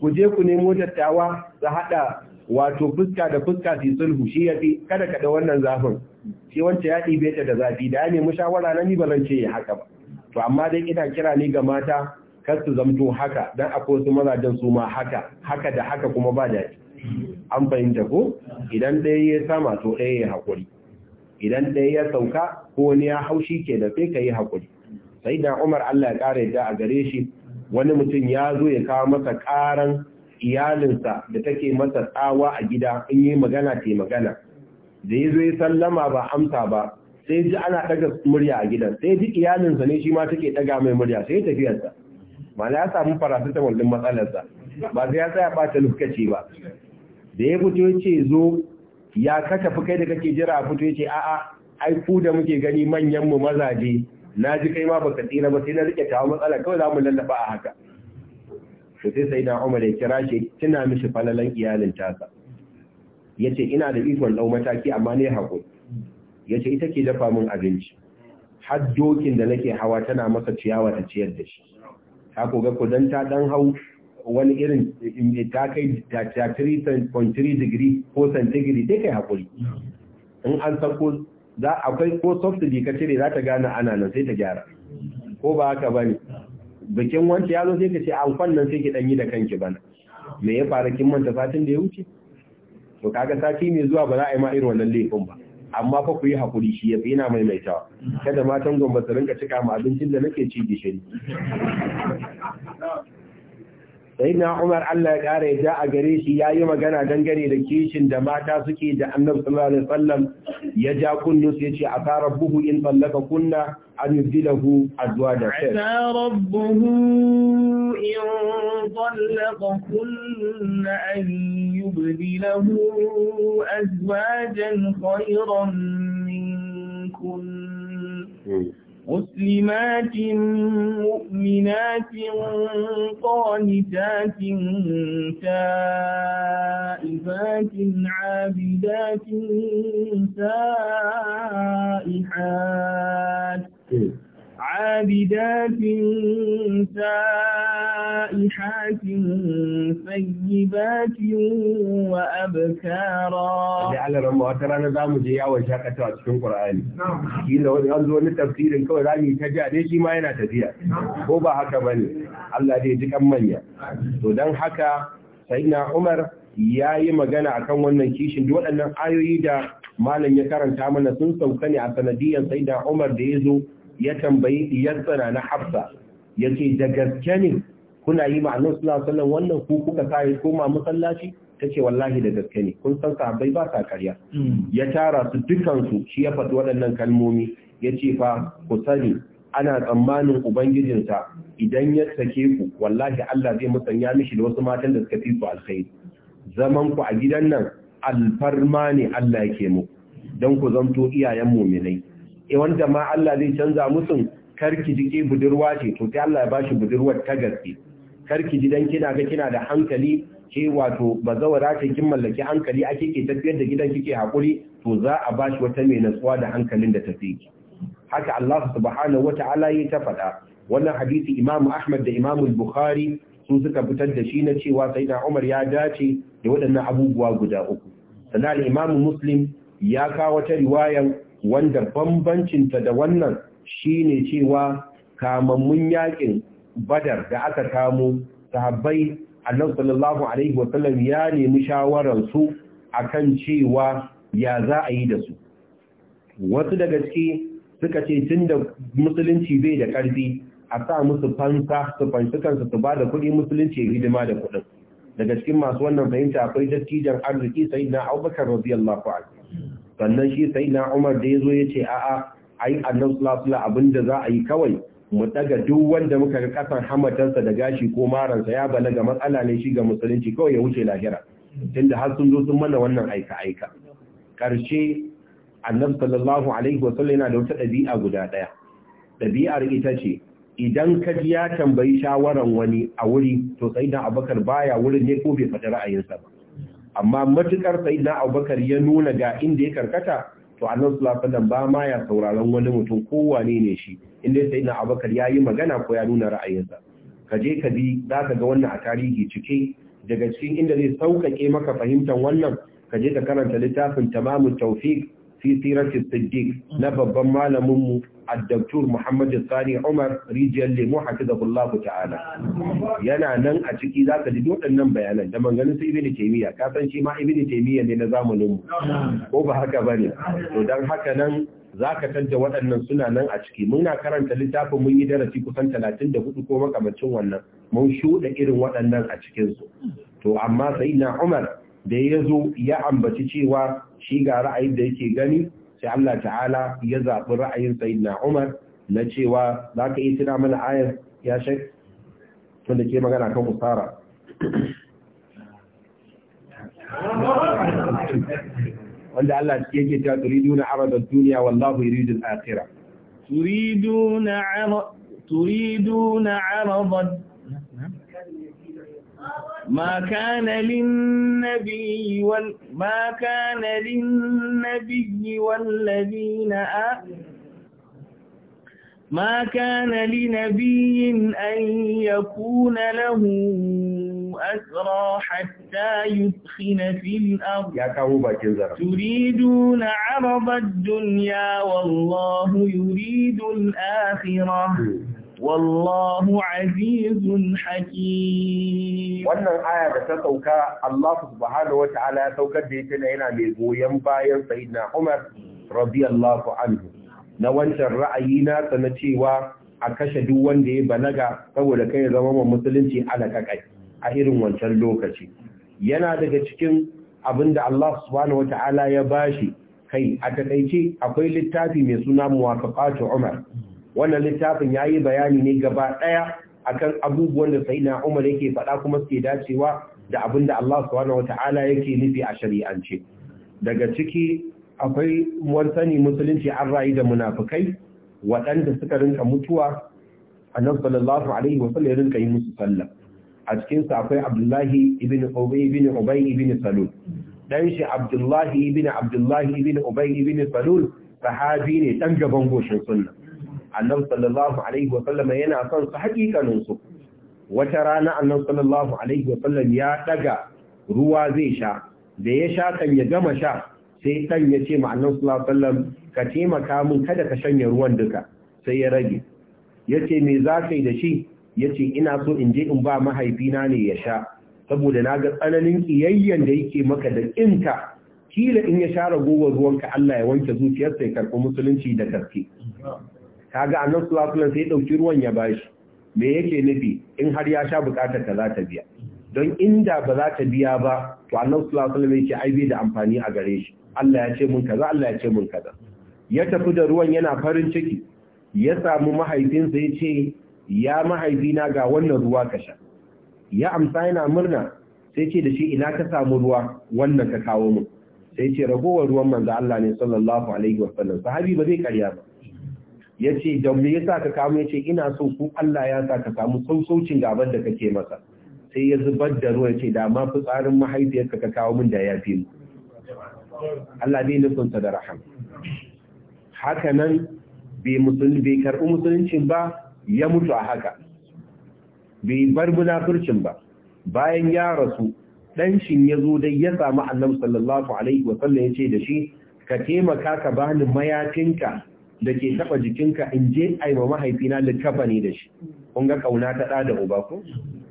Speaker 2: ku je ku nemo dattawa za hada wato fuska da fuska su sulhu shi yafi kada kada wannan zafin shi wanda ya dibe ta da zafi da ne nemi shawara na ni ba zan ce ya haka ba to amma dai ina kira ni ga mata kar su zamto haka dan akwai su mazajen su ma haka haka da haka kuma ba daɗi an fahimta ko idan ɗaya ya sama to ɗaya ya haƙuri idan ɗaya ya sauka ko wani ya haushi ke da sai ka yi haƙuri sai da umar allah ya ƙara yadda a gare shi wani mutum ya zo ya kawo masa ƙaran iyalinsa da take masa tsawa a gida in yi magana ta magana da ya zo ya sallama ba amsa ba sai ji ana ɗaga murya a gidan sai ji iyalinsa ne shi ma take ɗaga mai murya sai tafiyarsa mana ya samu paracetamol din matsalarsa ba sai ya bata ɓata lokaci ba da ya fito ya ce zo ya kashe kai da kake jira a fito ya ce a'a ai ku da muke gani manyan mu mazaje na ji kai ma baka tsira ba sai na rike tawo matsala kawai za mu lallaba a haka to sai sai na Umar ya kira shi tana mishi falalan iyalin tasa yace ina da ikon dau mataki amma ne hakuri yace ita ke dafa min abinci har dokin da nake hawa tana masa ciyawa ta ciyar da shi Ta koga kudan ta dan hau wani irin eh, ta kai 3.3 digiri ko centigrade sai kai haƙuri in an sako za akwai ko subsidy ka cire za ta gane ana nan sai ta gyara ko ba haka ba ne bikin wancan ya zo sai ka ce an nan sai ki ɗanyi da kanki bana me ya faru kin manta fatin da ya wuce to kaga sati mai zuwa ba za a yi ma irin wannan laifin ba amma fa ku yi hakuri shi yafi yana maimaitawa kada matan gwamnati su rinka cika ma abincin da nake ci gishiri sai na umar allah ya ƙara ya ja a gare shi ya yi magana dangane da kishin da mata suke da annabi sallallahu alaihi wasallam ya ja kunnus ya ce a tsara buhu in tsallaka kunna an yubdilahu da khair
Speaker 1: asa rabbuhu in طلقكن أن يبدله أزواجا خيرا منكن مسلمات مؤمنات قانتات تائبات عابدات سائحات إيه. عابدات سائحات ثيبات
Speaker 2: وأبكارا لعل رمى ترى نظام جيا وشاكة أتكون قرآن كيلا وانزو التفسير انكو رامي تجا ليش ما ينا تجيا هو بحكا بني الله دي جكا منيا ودن حكا سيدنا عمر ya yi magana akan wannan kishin duk waɗannan ayoyi da malam ya karanta mana sun sauka ne a sanadiyar sai da Umar da ya zo ya tambayi diyarsa na Hafsa yace da gaske ne kuna yi ma suna sallallahu wannan ku kuka kai koma masallaci tace wallahi da gaske ne kun san sahabbai ba sa karya ya tara su dukansu shi ya faɗi waɗannan kalmomi ya ce fa ku sani ana tsammanin ubangijinsa idan ya sake ku wallahi Allah zai musanya mishi da wasu matan da suka fi ku alkhairi zaman ku a gidan nan alfarma ne Allah yake mu don ku zanto iyayen muminai e wanda ma Allah zai canza musu ki jike budurwa ce to sai Allah ya bashi budurwar ta gaske karki ji dan kina ga kina da hankali ke wato bazawara ce kin mallaki hankali ake ke tafiyar da gidan kike hakuri to za a bashi wata mai natsuwa da hankalin da tafi haka Allah subhanahu wata'ala ya ta faɗa wannan hadisi Imam Ahmad da Imam Bukhari sun suka fitar da shi na cewa sai sayyidina Umar ya dace da waɗannan abubuwa guda uku sannan Imam Muslim ya kawo ta riwayan wanda bambancinta da wannan shine cewa kamammun yakin badar da aka kamo sahabbai annabi sallallahu alaihi wasallam ya nemi shawararsu su kan cewa ya za a yi da su wasu daga ciki suka ce tunda musulunci bai da ƙarfi, a sa musu fansa su fansukan kansu su ba da kuɗi musulunci hidima da kuɗin daga cikin masu wannan fahimta akwai dattijan arziki sai na abubakar radiyallahu anhu sannan shi sai na umar da ya zo ya ce a'a ai annan sulasula abinda za a yi kawai mu daga duk wanda muka ga kasan hamatarsa da gashi ko maransa ya bala ga matsala ne shi ga musulunci kawai ya wuce lahira tunda har sun zo sun mana wannan aika aika karshe annabi sallallahu alaihi wasallam yana da wata ɗabi'a guda ɗaya dabi'ar ita ce idan ka ji ya tambayi shawaran wani a wuri to sai da abakar baya wurin ne ko bai faɗi ra'ayinsa ba amma matukar sayyidina abubakar ya nuna ga inda ya karkata to annabi sallallahu alaihi ba ma ya sauraron wani mutum ko ne shi inda sayyidina abubakar ya yi magana ko ya nuna ra'ayinsa ka je ka bi za ka ga wannan a tarihi cike daga cikin inda zai sauƙaƙe maka fahimtar wannan ka je ka karanta littafin tamamul tawfiq fi sirati siddiq na babban malaminmu addaktur muhammadu sani umar rijiyar lemo hafizahullahu ta'ala yana nan a ciki za ka ji waɗannan bayanan da manganin su ibini taimiyya ka san shi ma ibini taimiyya ne na zamaninmu ko ba haka ba ne to don haka nan za ka tadda waɗannan suna nan a ciki muna karanta littafin mun yi darasi kusan talatin da hudu ko makamancin wannan mun shuɗa irin waɗannan a cikinsu to amma sai na umar da ya zo ya ambaci cewa shi ga ra'ayin da yake gani sai Allah ta'ala ya zaɓi ra'ayin sayyidina Umar na cewa za ka yi tuna mana ayar ya shek wanda ke magana kan usara wanda Allah yake cewa turiduna arada duniya wallahu yuridu al-akhirah
Speaker 1: turiduna turiduna ما كان للنبي وال ما كان للنبي والذين آ... ما كان لنبي أن يكون له أسرى حتى يدخن في الأرض تريدون عرض الدنيا والله يريد الآخرة wallahu
Speaker 2: azizun hakim wannan aya da ta sauka Allah subhanahu wataala ya saukar da ita yana mai goyon bayan sayyidina Umar radiyallahu anhu na wancan ra'ayi na ta na cewa a kashe duk wanda ya balaga saboda kai ya zama musulunci ana a irin wancan lokaci yana daga cikin abinda Allah subhanahu wataala ya bashi kai a takaice akwai littafi mai suna muwafaqatu Umar wannan littafin ya yi bayani ne gaba ɗaya akan abubuwan da sai na Umar yake faɗa kuma suke dacewa da abin da Allah subhanahu wata'ala yake nufi a shari'ance daga ciki akwai wani musulunci an rayu da munafukai, waɗanda suka rinka mutuwa nan sallallahu alaihi wa sallam ya rinka yi musu sallah a cikin akwai Abdullahi ibn Ubay ibn Ubay ibn Salul dan shi Abdullahi ibn Abdullahi ibn Ubay ibn Salul sahabi ne dan gaban goshin sunna annabi sallallahu alaihi wa sallam yana son su hakikanin su wata rana annabi sallallahu alaihi wa sallam ya daga ruwa zai sha da ya sha kan ya gama sha sai kan ya ce ma annabi sallallahu alaihi wa ka taimaka min kada ka shanye ruwan duka sai ya rage yace me za ka yi da shi yace ina so in je in ba mahaifina ne ya sha saboda na ga tsananin kiyayyen da yake maka da kinka kila in ya share gowar ruwanka Allah ya wanke zuciyarsa ya karɓi musulunci da gaske kaga annabi sallallahu alaihi wasallam sai dauki ruwan ya bashi me yake nufi in har ya sha bukatar ta za ta biya don inda ba za ta biya ba to annabi sallallahu alaihi wasallam yake ai da amfani a gare shi Allah ya ce mun kaza Allah ya ce mun kaza ya tafi da ruwan yana farin ciki ya samu mahaifinsa ya ce ya mahaifina ga wannan ruwa ka sha ya amsa yana murna sai ce da shi ina ka samu ruwa wannan ka kawo mu sai ce ragowar ruwan manzo Allah ne sallallahu alaihi wasallam sahabi ba zai karya ba ya ce da me yasa ka kamu ya ce ina so ku Allah ya sa ka kamu sausaucin gaban da kake masa sai ya zubar da ruwa ya ce da ma fitsarin mahaifiyarka ka kawo min da ya fi mu Allah bai nufinsa da rahama haka nan bai karɓi musuluncin ba ya mutu a haka bai bar munafurcin ba bayan ya rasu dan shin ya zo dai ya samu annabi sallallahu alaihi wa sallam ya ce da shi ka taimaka ka bani mayafinka da ke taba jikinka in je ai ma mahaifina littafani da shi kun ga kauna ta da da uba ku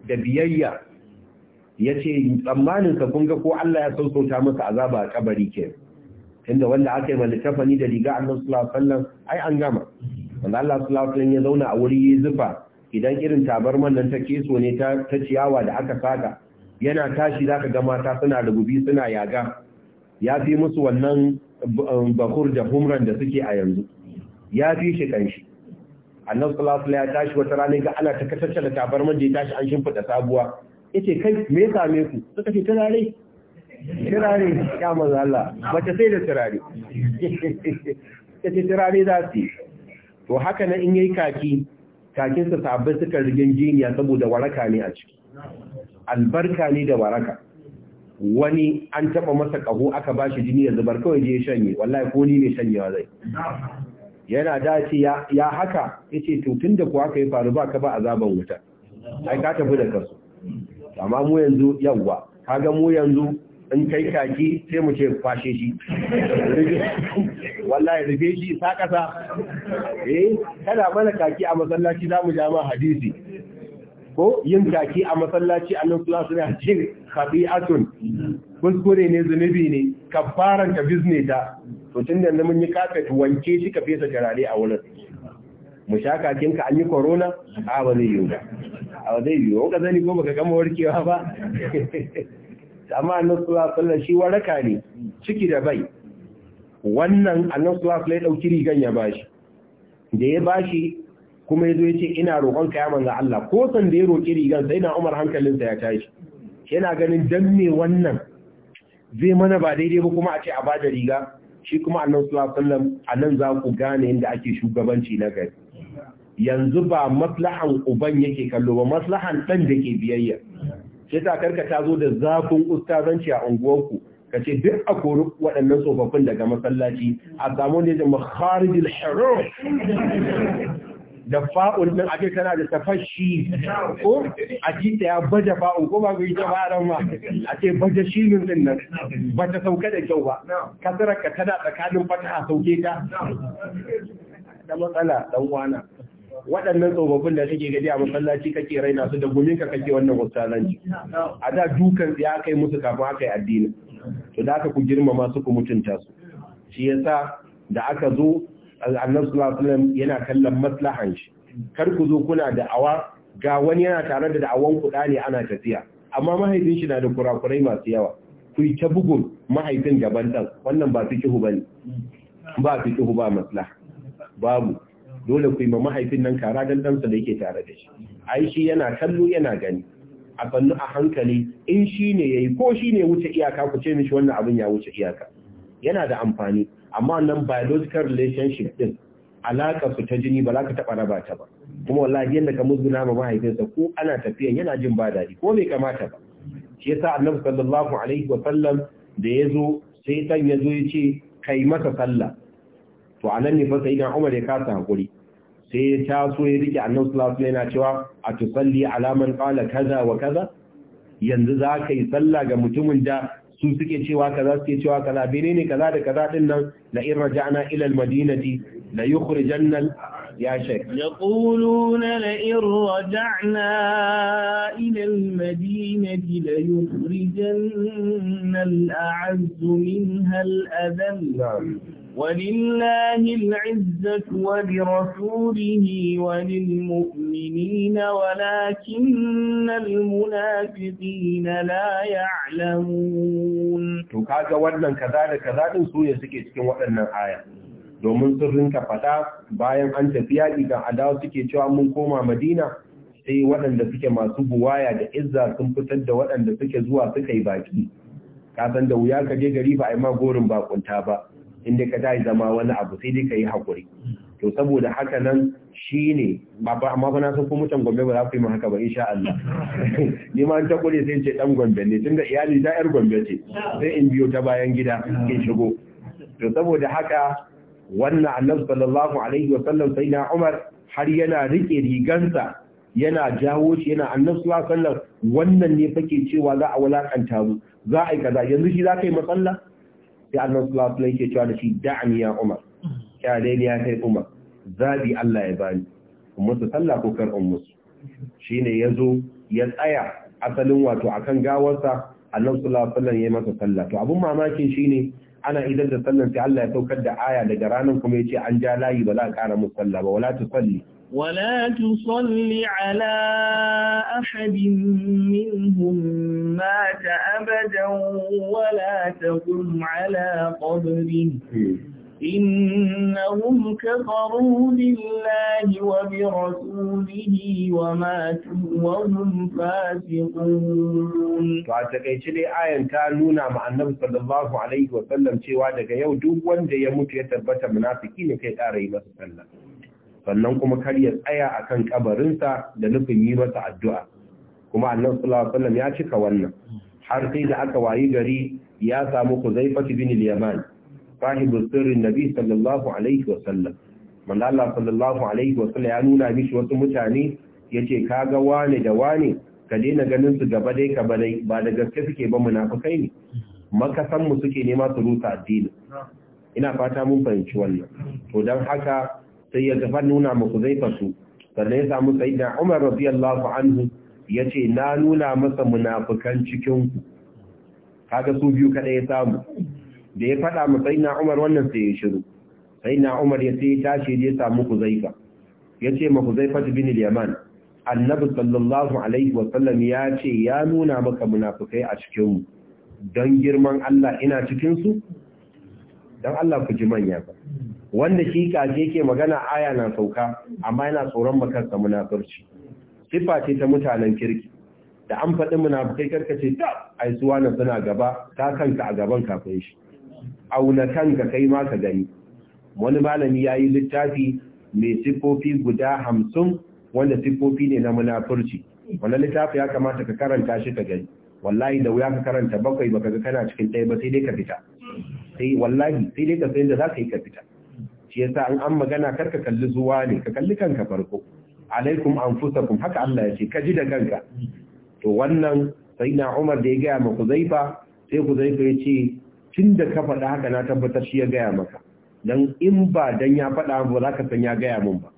Speaker 2: da biyayya yace tsammanin ka kun ga ko Allah ya sautauta masa azaba a kabari ke inda wanda aka yi ma littafani da riga Allah sallallahu alaihi ai an gama wanda Allah sallallahu alaihi ya zauna a wuri ya zufa idan irin tabarman nan ta keso ne ta ciyawa da aka saka yana tashi zaka ga mata suna rububi suna yaga ya fi musu wannan eh, eh, bakur da humran da suke a yanzu ya fi shi kanshi annabi ya tashi wata rana ga ana ta kasance da tabarmar da ya tashi an shimfida sabuwa Ya ce, kai me ya same ku suka ce turare turare ya manzo Allah mace sai da turare ce turare za su yi. to haka na in yi kaki kakin sabbin suka rigin jiniya saboda waraka ne a ciki albarka ne da waraka wani an taɓa masa ƙaho aka ba shi jini ya zubar kawai je ya shanye wallahi ko ni ne shanyewa zai yana da ce ya haka yace to tunda ku haka ya faru ba ka ba azaban wuta ai ka tafi da kansu amma mu yanzu yawwa kaga mu yanzu in kai kaki sai mu ce kwashe shi wallahi rufe shi sa kasa eh kada mana kaki a masallaci zamu ja ma hadisi ko yin kaki a masallaci annabi sallallahu alaihi wasallam ce khabi'atun kuskure ne zunubi ne kafaran ka bizne ta to tun da mun yi kafet wanke shi ka fesa turare a wurin mu sha kakin ka an yi corona a ba zai yiwu ba a ba zai yiwu ka zani ko baka gama warkewa ba *laughs* amma annabi sallallahu shi waraka ne ciki da bai wannan annabi sallallahu alaihi dauki rigan ya bashi da ya bashi kuma ya zo ya ce ina roƙon ka ya Allah ko san da ya roƙi rigan sai na Umar hankalinsa ya tashi yana ganin danne wannan zai mana ba daidai ba kuma a ce a ba da riga shi kuma annan sallallahu a nan za ku gane inda ake shugabanci na gari yanzu ba maslahan uban yake kallo ba maslahan dan da ke biyayya sai ta karka ta zo da zafin ustazanci a unguwarku ka ce duk a kori waɗannan tsofaffin daga masallaci a samu ne da makharijil haruf da fa'ul ɗin ake kana da tafashi ko a jita ya baje fa'ul ko ba ku yi tabaran ma a ce baje min din nan ba ta sauka da kyau ba kasarar ka tana tsakanin fata a sauke ta da matsala dan wana waɗannan tsofaffin da take gadi a masallaci kake raina su da gumin ka kake wannan wasalanci a da dukan ya kai musu kafin aka yi addini to da aka ku girmama su ku mutunta su shi yasa da aka zo annabi sallallahu yana kallon maslahan shi kar ku zo kuna da'awa. ga wani yana tare da da'awan kuɗa ne ana tafiya amma mahaifin shi na da kurakurai masu yawa ku yi ta bugun mahaifin gaban ɗan wannan ba fikihu ba ne ba fikihu ba maslaha babu dole ku yi ma mahaifin nan kara dan ɗansa da yake tare da shi ai shi yana kallo yana gani a sannu a hankali in shi ne ya yi ko shi ne wuce iyaka ku ce mishi wannan abin ya wuce iyaka yana da amfani amma nan biological relationship din alaka su ta jini ba za ka taɓa raba ta ba kuma wallahi yadda ka musguna ma mahaifinsa ko ana tafiyan yana jin ba daɗi ko bai kamata ba shi sa annabi sallallahu alaihi wa sallam da ya zo sai san ya zo ya ce kai masa sallah to a nan ne fa sai idan Umar ya kasa hakuri sai ya taso ya rike annabi sallallahu alaihi yana cewa a tusalli alaman man kaza wa kaza yanzu za ka yi sallah ga mutumin da su suke cewa kaza suke cewa kaza menene kaza da kaza din nan la in raja'na ila al-madinati la yukhrijanna ya shaykh
Speaker 1: yaquluna la in raja'na ila al-madinati la yukhrijanna al-a'azzu minha al-adhall ولله العزة ولرسوله وللمؤمنين ولكن المنافقين لا
Speaker 2: يعلمون to kaga wannan kaza da kaza din su ne suke cikin waɗannan aya domin sirrin ka fada bayan an tafi yaƙi kan adawa suke cewa mun koma Madina sai waɗanda suke masu buwaya da izza sun fitar da waɗanda suke zuwa suka yi baki ka san da wuya ka je gari ba a yi ma gorin bakunta ba inda ka dai zama wani abu sai dai ka yi haƙuri to saboda haka nan shi ne amma ba na san ko mutan gombe ba za ku yi mu haka ba insha Allah *laughs* ni ma ta kure sai ce ɗan gombe ne da iyali ta yar gombe ce sai in biyo ta bayan gida in shigo to saboda haka wannan annabi sallallahu alaihi wa sallam sai na Umar har yana riƙe rigansa yana jawo shi yana annabi sallallahu alaihi wa sallam wannan ne fake cewa za a wulakanta mu za a yi kaza yanzu shi za ka yi matsala sai annan sulatu yake cewa da shi da'ani ya umar ya daidai ya kai umar zabi Allah ya bani su sallah ko kar musu shine yazo ya tsaya asalin wato akan gawarsa annan sulatu ya yi masa sallah to abun mamakin shine ana idan da sallan sai Allah ya saukar da aya daga ranar kuma ya ce an ja layi ba za a kara musu sallah ba wala salli.
Speaker 1: ولا تصل على أحد منهم مات أبدا ولا تقم على قبره إنهم كفروا بالله وبرسوله وماتوا
Speaker 2: وهم فاسقون فتكيشي دي آية كانونا مع النبي صلى الله عليه وسلم شوى دقا يو دوان دي يموت يتبت منافقين كي آري مسلا sannan kuma kar ya tsaya a kan kabarinsa da nufin yi masa addu'a kuma annabi sallallahu alaihi wasallam ya cika wannan har sai da aka wayi gari ya samu Huzaifa bin Liyaman, yaman sahibu sirrin Nabi sallallahu alaihi wasallam manzo Allah sallallahu alaihi wasallam ya nuna mishi wasu mutane Ya ce 'Ka ga wane da wane ka daina ganin su gaba dai ka balai ba da gaske suke ba munafukai ne makasan mu suke nema su rusa addini ina fata mun fahimci wannan to don haka sai ya tafa nuna ma zai fasu sannan ya samu sayyidina Umar radiyallahu anhu yace na nuna masa munafikan cikin ku kaga su biyu kada ya samu da ya fada ma sayyidina Umar wannan sai ya shiru sayyidina Umar ya sai tashi ya samu ku zai Ya yace ma Huzaifa bin al-Yaman Annabi sallallahu alaihi wa sallam ya ce ya nuna maka munafikai a cikin mu don girman Allah ina cikin su don Allah ku ji manya ba wanda shi kaje yake magana aya na sauka amma yana tsoron makarsa munafurci sifa ce ta mutanen kirki da an faɗi munafukai ce ta ai na suna gaba ta kanka a gaban kafin shi auna ka kai ma ka gani wani malami ya yi littafi mai siffofi guda hamsin wanda siffofi ne na munafurci wanda littafi ya kamata ka karanta shi ka gani wallahi da wuya ka karanta bakwai baka ga kana cikin ɗaya ba sai dai ka fita sai wallahi sai dai ka sayar da za ka yi ka fita shi yasa an an magana karka kalli zuwa ne ka kalli kanka farko alaikum anfusakum haka Allah ya ce ka ji da kanka to wannan sayyidina Umar da ya gaya ma Kuzaifa sai Kuzaifa ya ce tunda ka faɗa haka na tabbatar shi ya gaya maka dan in ba dan ya faɗa ba za ka san ya gaya min ba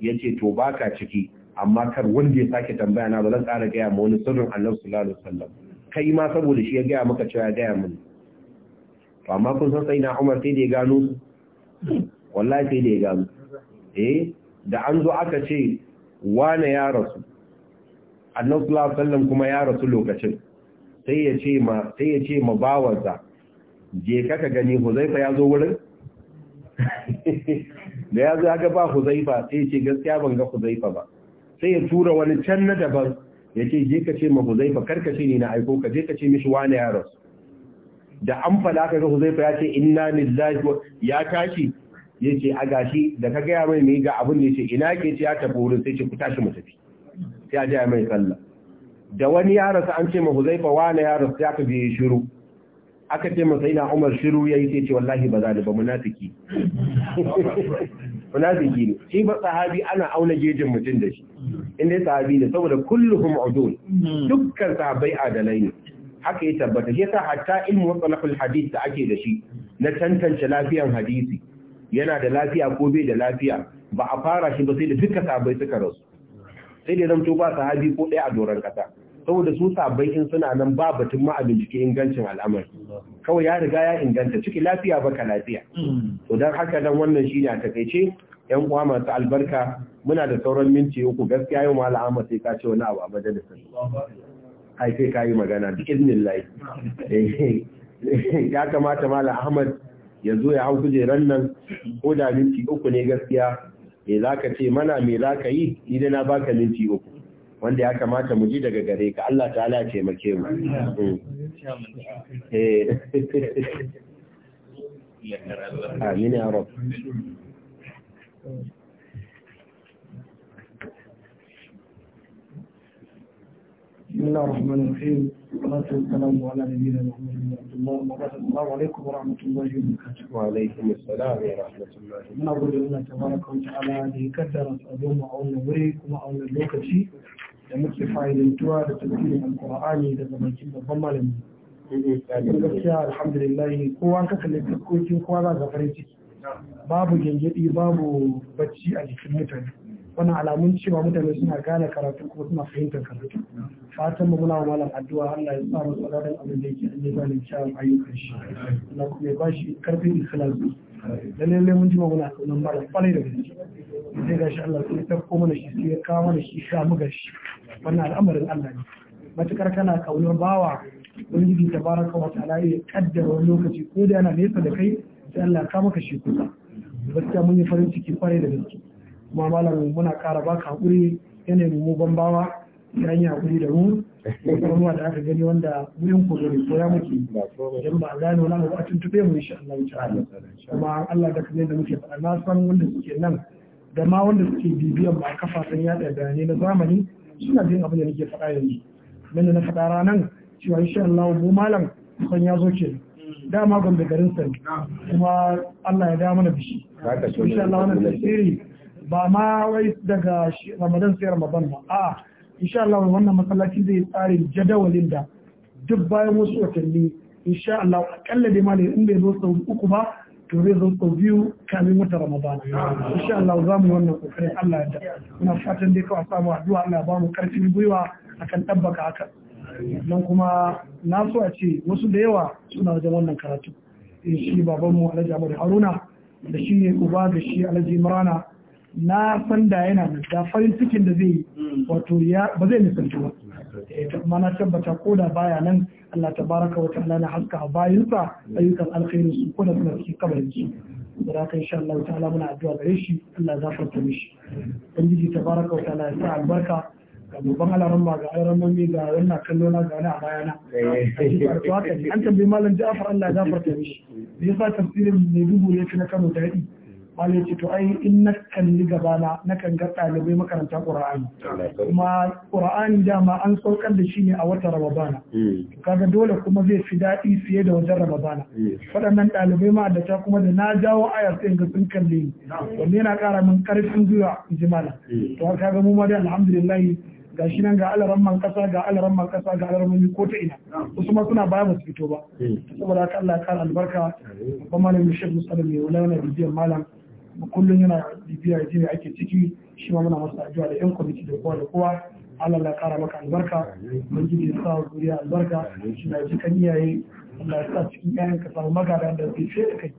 Speaker 2: yace to baka ciki amma kar wanda ya sake tambaya na ba zan ƙara gaya ma wani sirrin Annabi sallallahu alaihi wasallam kai ma saboda shi ya gaya maka cewa ya gaya min to amma kun san sai na Umar sai da ya gano wallahi sai da ya gano eh da an zo aka ce wane ya rasu annabi sallallahu alaihi wasallam kuma ya rasu lokacin sai ya ce ma sai ya ce ma bawansa je ka ka gani Huzaifa ya zo wurin *laughs* da ya zo aka ba Huzaifa sai ya ce gaskiya ban ga Huzaifa ba sai ya tura wani can na daban ya ce je ka ce ma Huzaifa karkashe ce ni na aiko ka je ka ce mishi wane ya rasu da an fada ka ga Huzaifa ya ce inna lillahi ya tashi ya ce a gashi da ka gaya mai mai ga abin da ya ce ina ke ce ya tafi wurin sai ce ku tashi mu tafi sai a jaya mai sallah da wani ya rasu an ce ma huzaifa wane na rasu ya ka biye shiru aka ce masa ina umar shiru ya yi sai ce wallahi ba za da ba munafiki *laughs* munafiki ne shi ba sahabi ana auna gejin mutum da shi inda ya sahabi ne saboda kulluhum udul dukkan sahabbai adalai ne haka ya tabbata shi yasa hatta ilmu wasalahul hadith da ake da shi na tantance lafiyan hadisi yana da lafiya ko bai da lafiya ba a fara shi ba sai da duka sabai suka rasu sai da zamto ba sahabi ko ɗaya a doron kasa saboda su sabai in suna nan ba batun ma a bincike ingancin al'amari kawai ya riga ya inganta ciki lafiya ba ka lafiya to dan haka nan wannan shine a takaice yan uwa masu albarka muna da sauran minti uku gaskiya yau malam Ahmad sai ka ce wani abu a majalisar ai sai ka yi magana bi idnillah *laughs* ya kamata malam Ahmad Yanzu ya hau kujeran nan ko da minti uku ne gaskiya me za ka ce mana me za ka yi idan na baka minti uku wanda ya kamata mu ji daga gare ka Allah ta'ala ya taimake mu
Speaker 1: mm. eh. *laughs* amin
Speaker 3: بسم الله الرحمن الرحيم والصلاه والسلام على نبينا محمد وعلى الله وبركاته
Speaker 2: السلام عليكم ورحمه الله وبركاته وعليكم السلام ورحمه الله وبركاته نقول الله تبارك
Speaker 3: وتعالى دي كثرة أدوم نوري كما أولنا اللوكتي لمكي فايد انتوا لتبكير القرآن إذا زمجين بضم لهم الحمد لله كوان كثلت كوتي كوانا زفريتي babu gengedi babu bacci a jikin mutane wannan alamun cewa mutane suna gane karatu kuma suna fahimtar karatu fatan mu muna wa malam addu'a Allah ya sa masa ladan abin da yake an ba zalim kyawun ayyukan shi Allah kuma ya ba shi karfin ikhlasi dan lalle mun ji muna sunan malam kwarai da gaske sai gashi Allah sai ta ko mana shi sai ya kawo mana shi sha mu gashi wannan al'amarin Allah ne matukar kana kaunar bawa ubangiji tabaraka wa ta'ala ya kaddara wani lokaci ko da yana nesa da kai sai Allah ka maka shi kusa gaskiya mun yi farin ciki kwarai da gaske kuma malam muna ƙara baka haƙuri yanayin mu bambawa ya yi haƙuri da mu kuma da aka gani wanda wurin ku zuri ko ya muke idan ba gani wani abu a tuntube mu insha Allah ta'ala kuma Allah da kaje da muke faɗa na san wanda suke nan da ma wanda suke bibiyan ba kafafen yada bayanai na zamani suna jin abin da nake faɗa yanzu kamar na faɗa ranan cewa insha Allah mu malam kan ya zo ke dama gombe garin sani kuma Allah ya da mana bishi insha Allah wannan tasiri ba ma wai daga ramadan sai ramadan ba a insha Allah wannan masallaci zai tsarin jadawalin da duk bayan wasu watanni insha Allah akalla dai malai in bai zo sau uku ba to zai zo sau biyu kamin wata ramadan insha Allah za mu wannan kokarin Allah yadda muna fatan dai kawai samu addu'a Allah ba mu karfin gwiwa akan tabbaka haka nan kuma na so a ce wasu da yawa suna wajen wannan karatu eh, shi babanmu alhaji amadu haruna da shi ne uba da shi alhaji imrana na san da yana da da farin cikin da zai hmm. wato ya ba zai nisanci ba eh, amma na tabbata ko da baya nan Allah ta baraka wa ta'ala na haska bayinsa ayyukan alkhairin su ko da suna cikin kabarin su da haka insha Allah ta'ala muna addu'a gare shi Allah ya zafarta mishi ubangiji baraka wa ta'ala ya sa albarka ga babban alaran ma ga ayaran mami ga wannan kallo na ga wani a baya na. an tambayi malam Ja'far Allah ya zafarta mishi ya sa tafsirin ne dubu ne na Kano da hadi malai ce to ai in na kalli gaba na na kan ga ɗalibai makaranta qurani kuma Al-Qur'ani dama an saukar da shi ne a watan rababana hmm. kaga dole kuma zai fi daɗi fiye da wajen rababana hmm. waɗannan ɗalibai ma da ta kuma da na jawo ayar sai ga sun kalli wanda yana ƙara min ƙarfin zuwa jimala. ji malam hmm. to kaga mu ma dai alhamdulillah ga shi nan ga alaramman kasa ga alaramman kasa ga alaramman ko ta ina wasu ma suna baya basu fito ba saboda haka Allah ya kara albarka babban malamin Sheikh Musa da mai wala na malam kullum yana bibiyar jini ake ciki shi ma muna masa addu'a da yan kwamiti da kowa da kowa Allah ya kara maka albarka mun ji da sa zuriya albarka shi na ji kan iyaye Allah ya sa cikin ƴaƴan ka samu magada da zai ce kai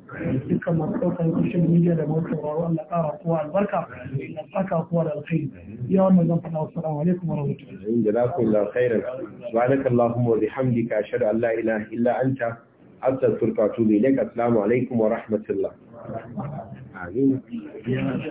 Speaker 3: dukkan masu ɗaukar social media da masu sauraro Allah ya kara kowa albarka ya saka kowa da alkhairi ya wannan zan faɗa assalamu alaikum wa rahmatullahi
Speaker 2: jazakumullahu khairan subhanakallahumma wa bihamdika ashhadu an la ilaha illa anta أستغفرك وأتوب إليك السلام عليكم ورحمة الله amin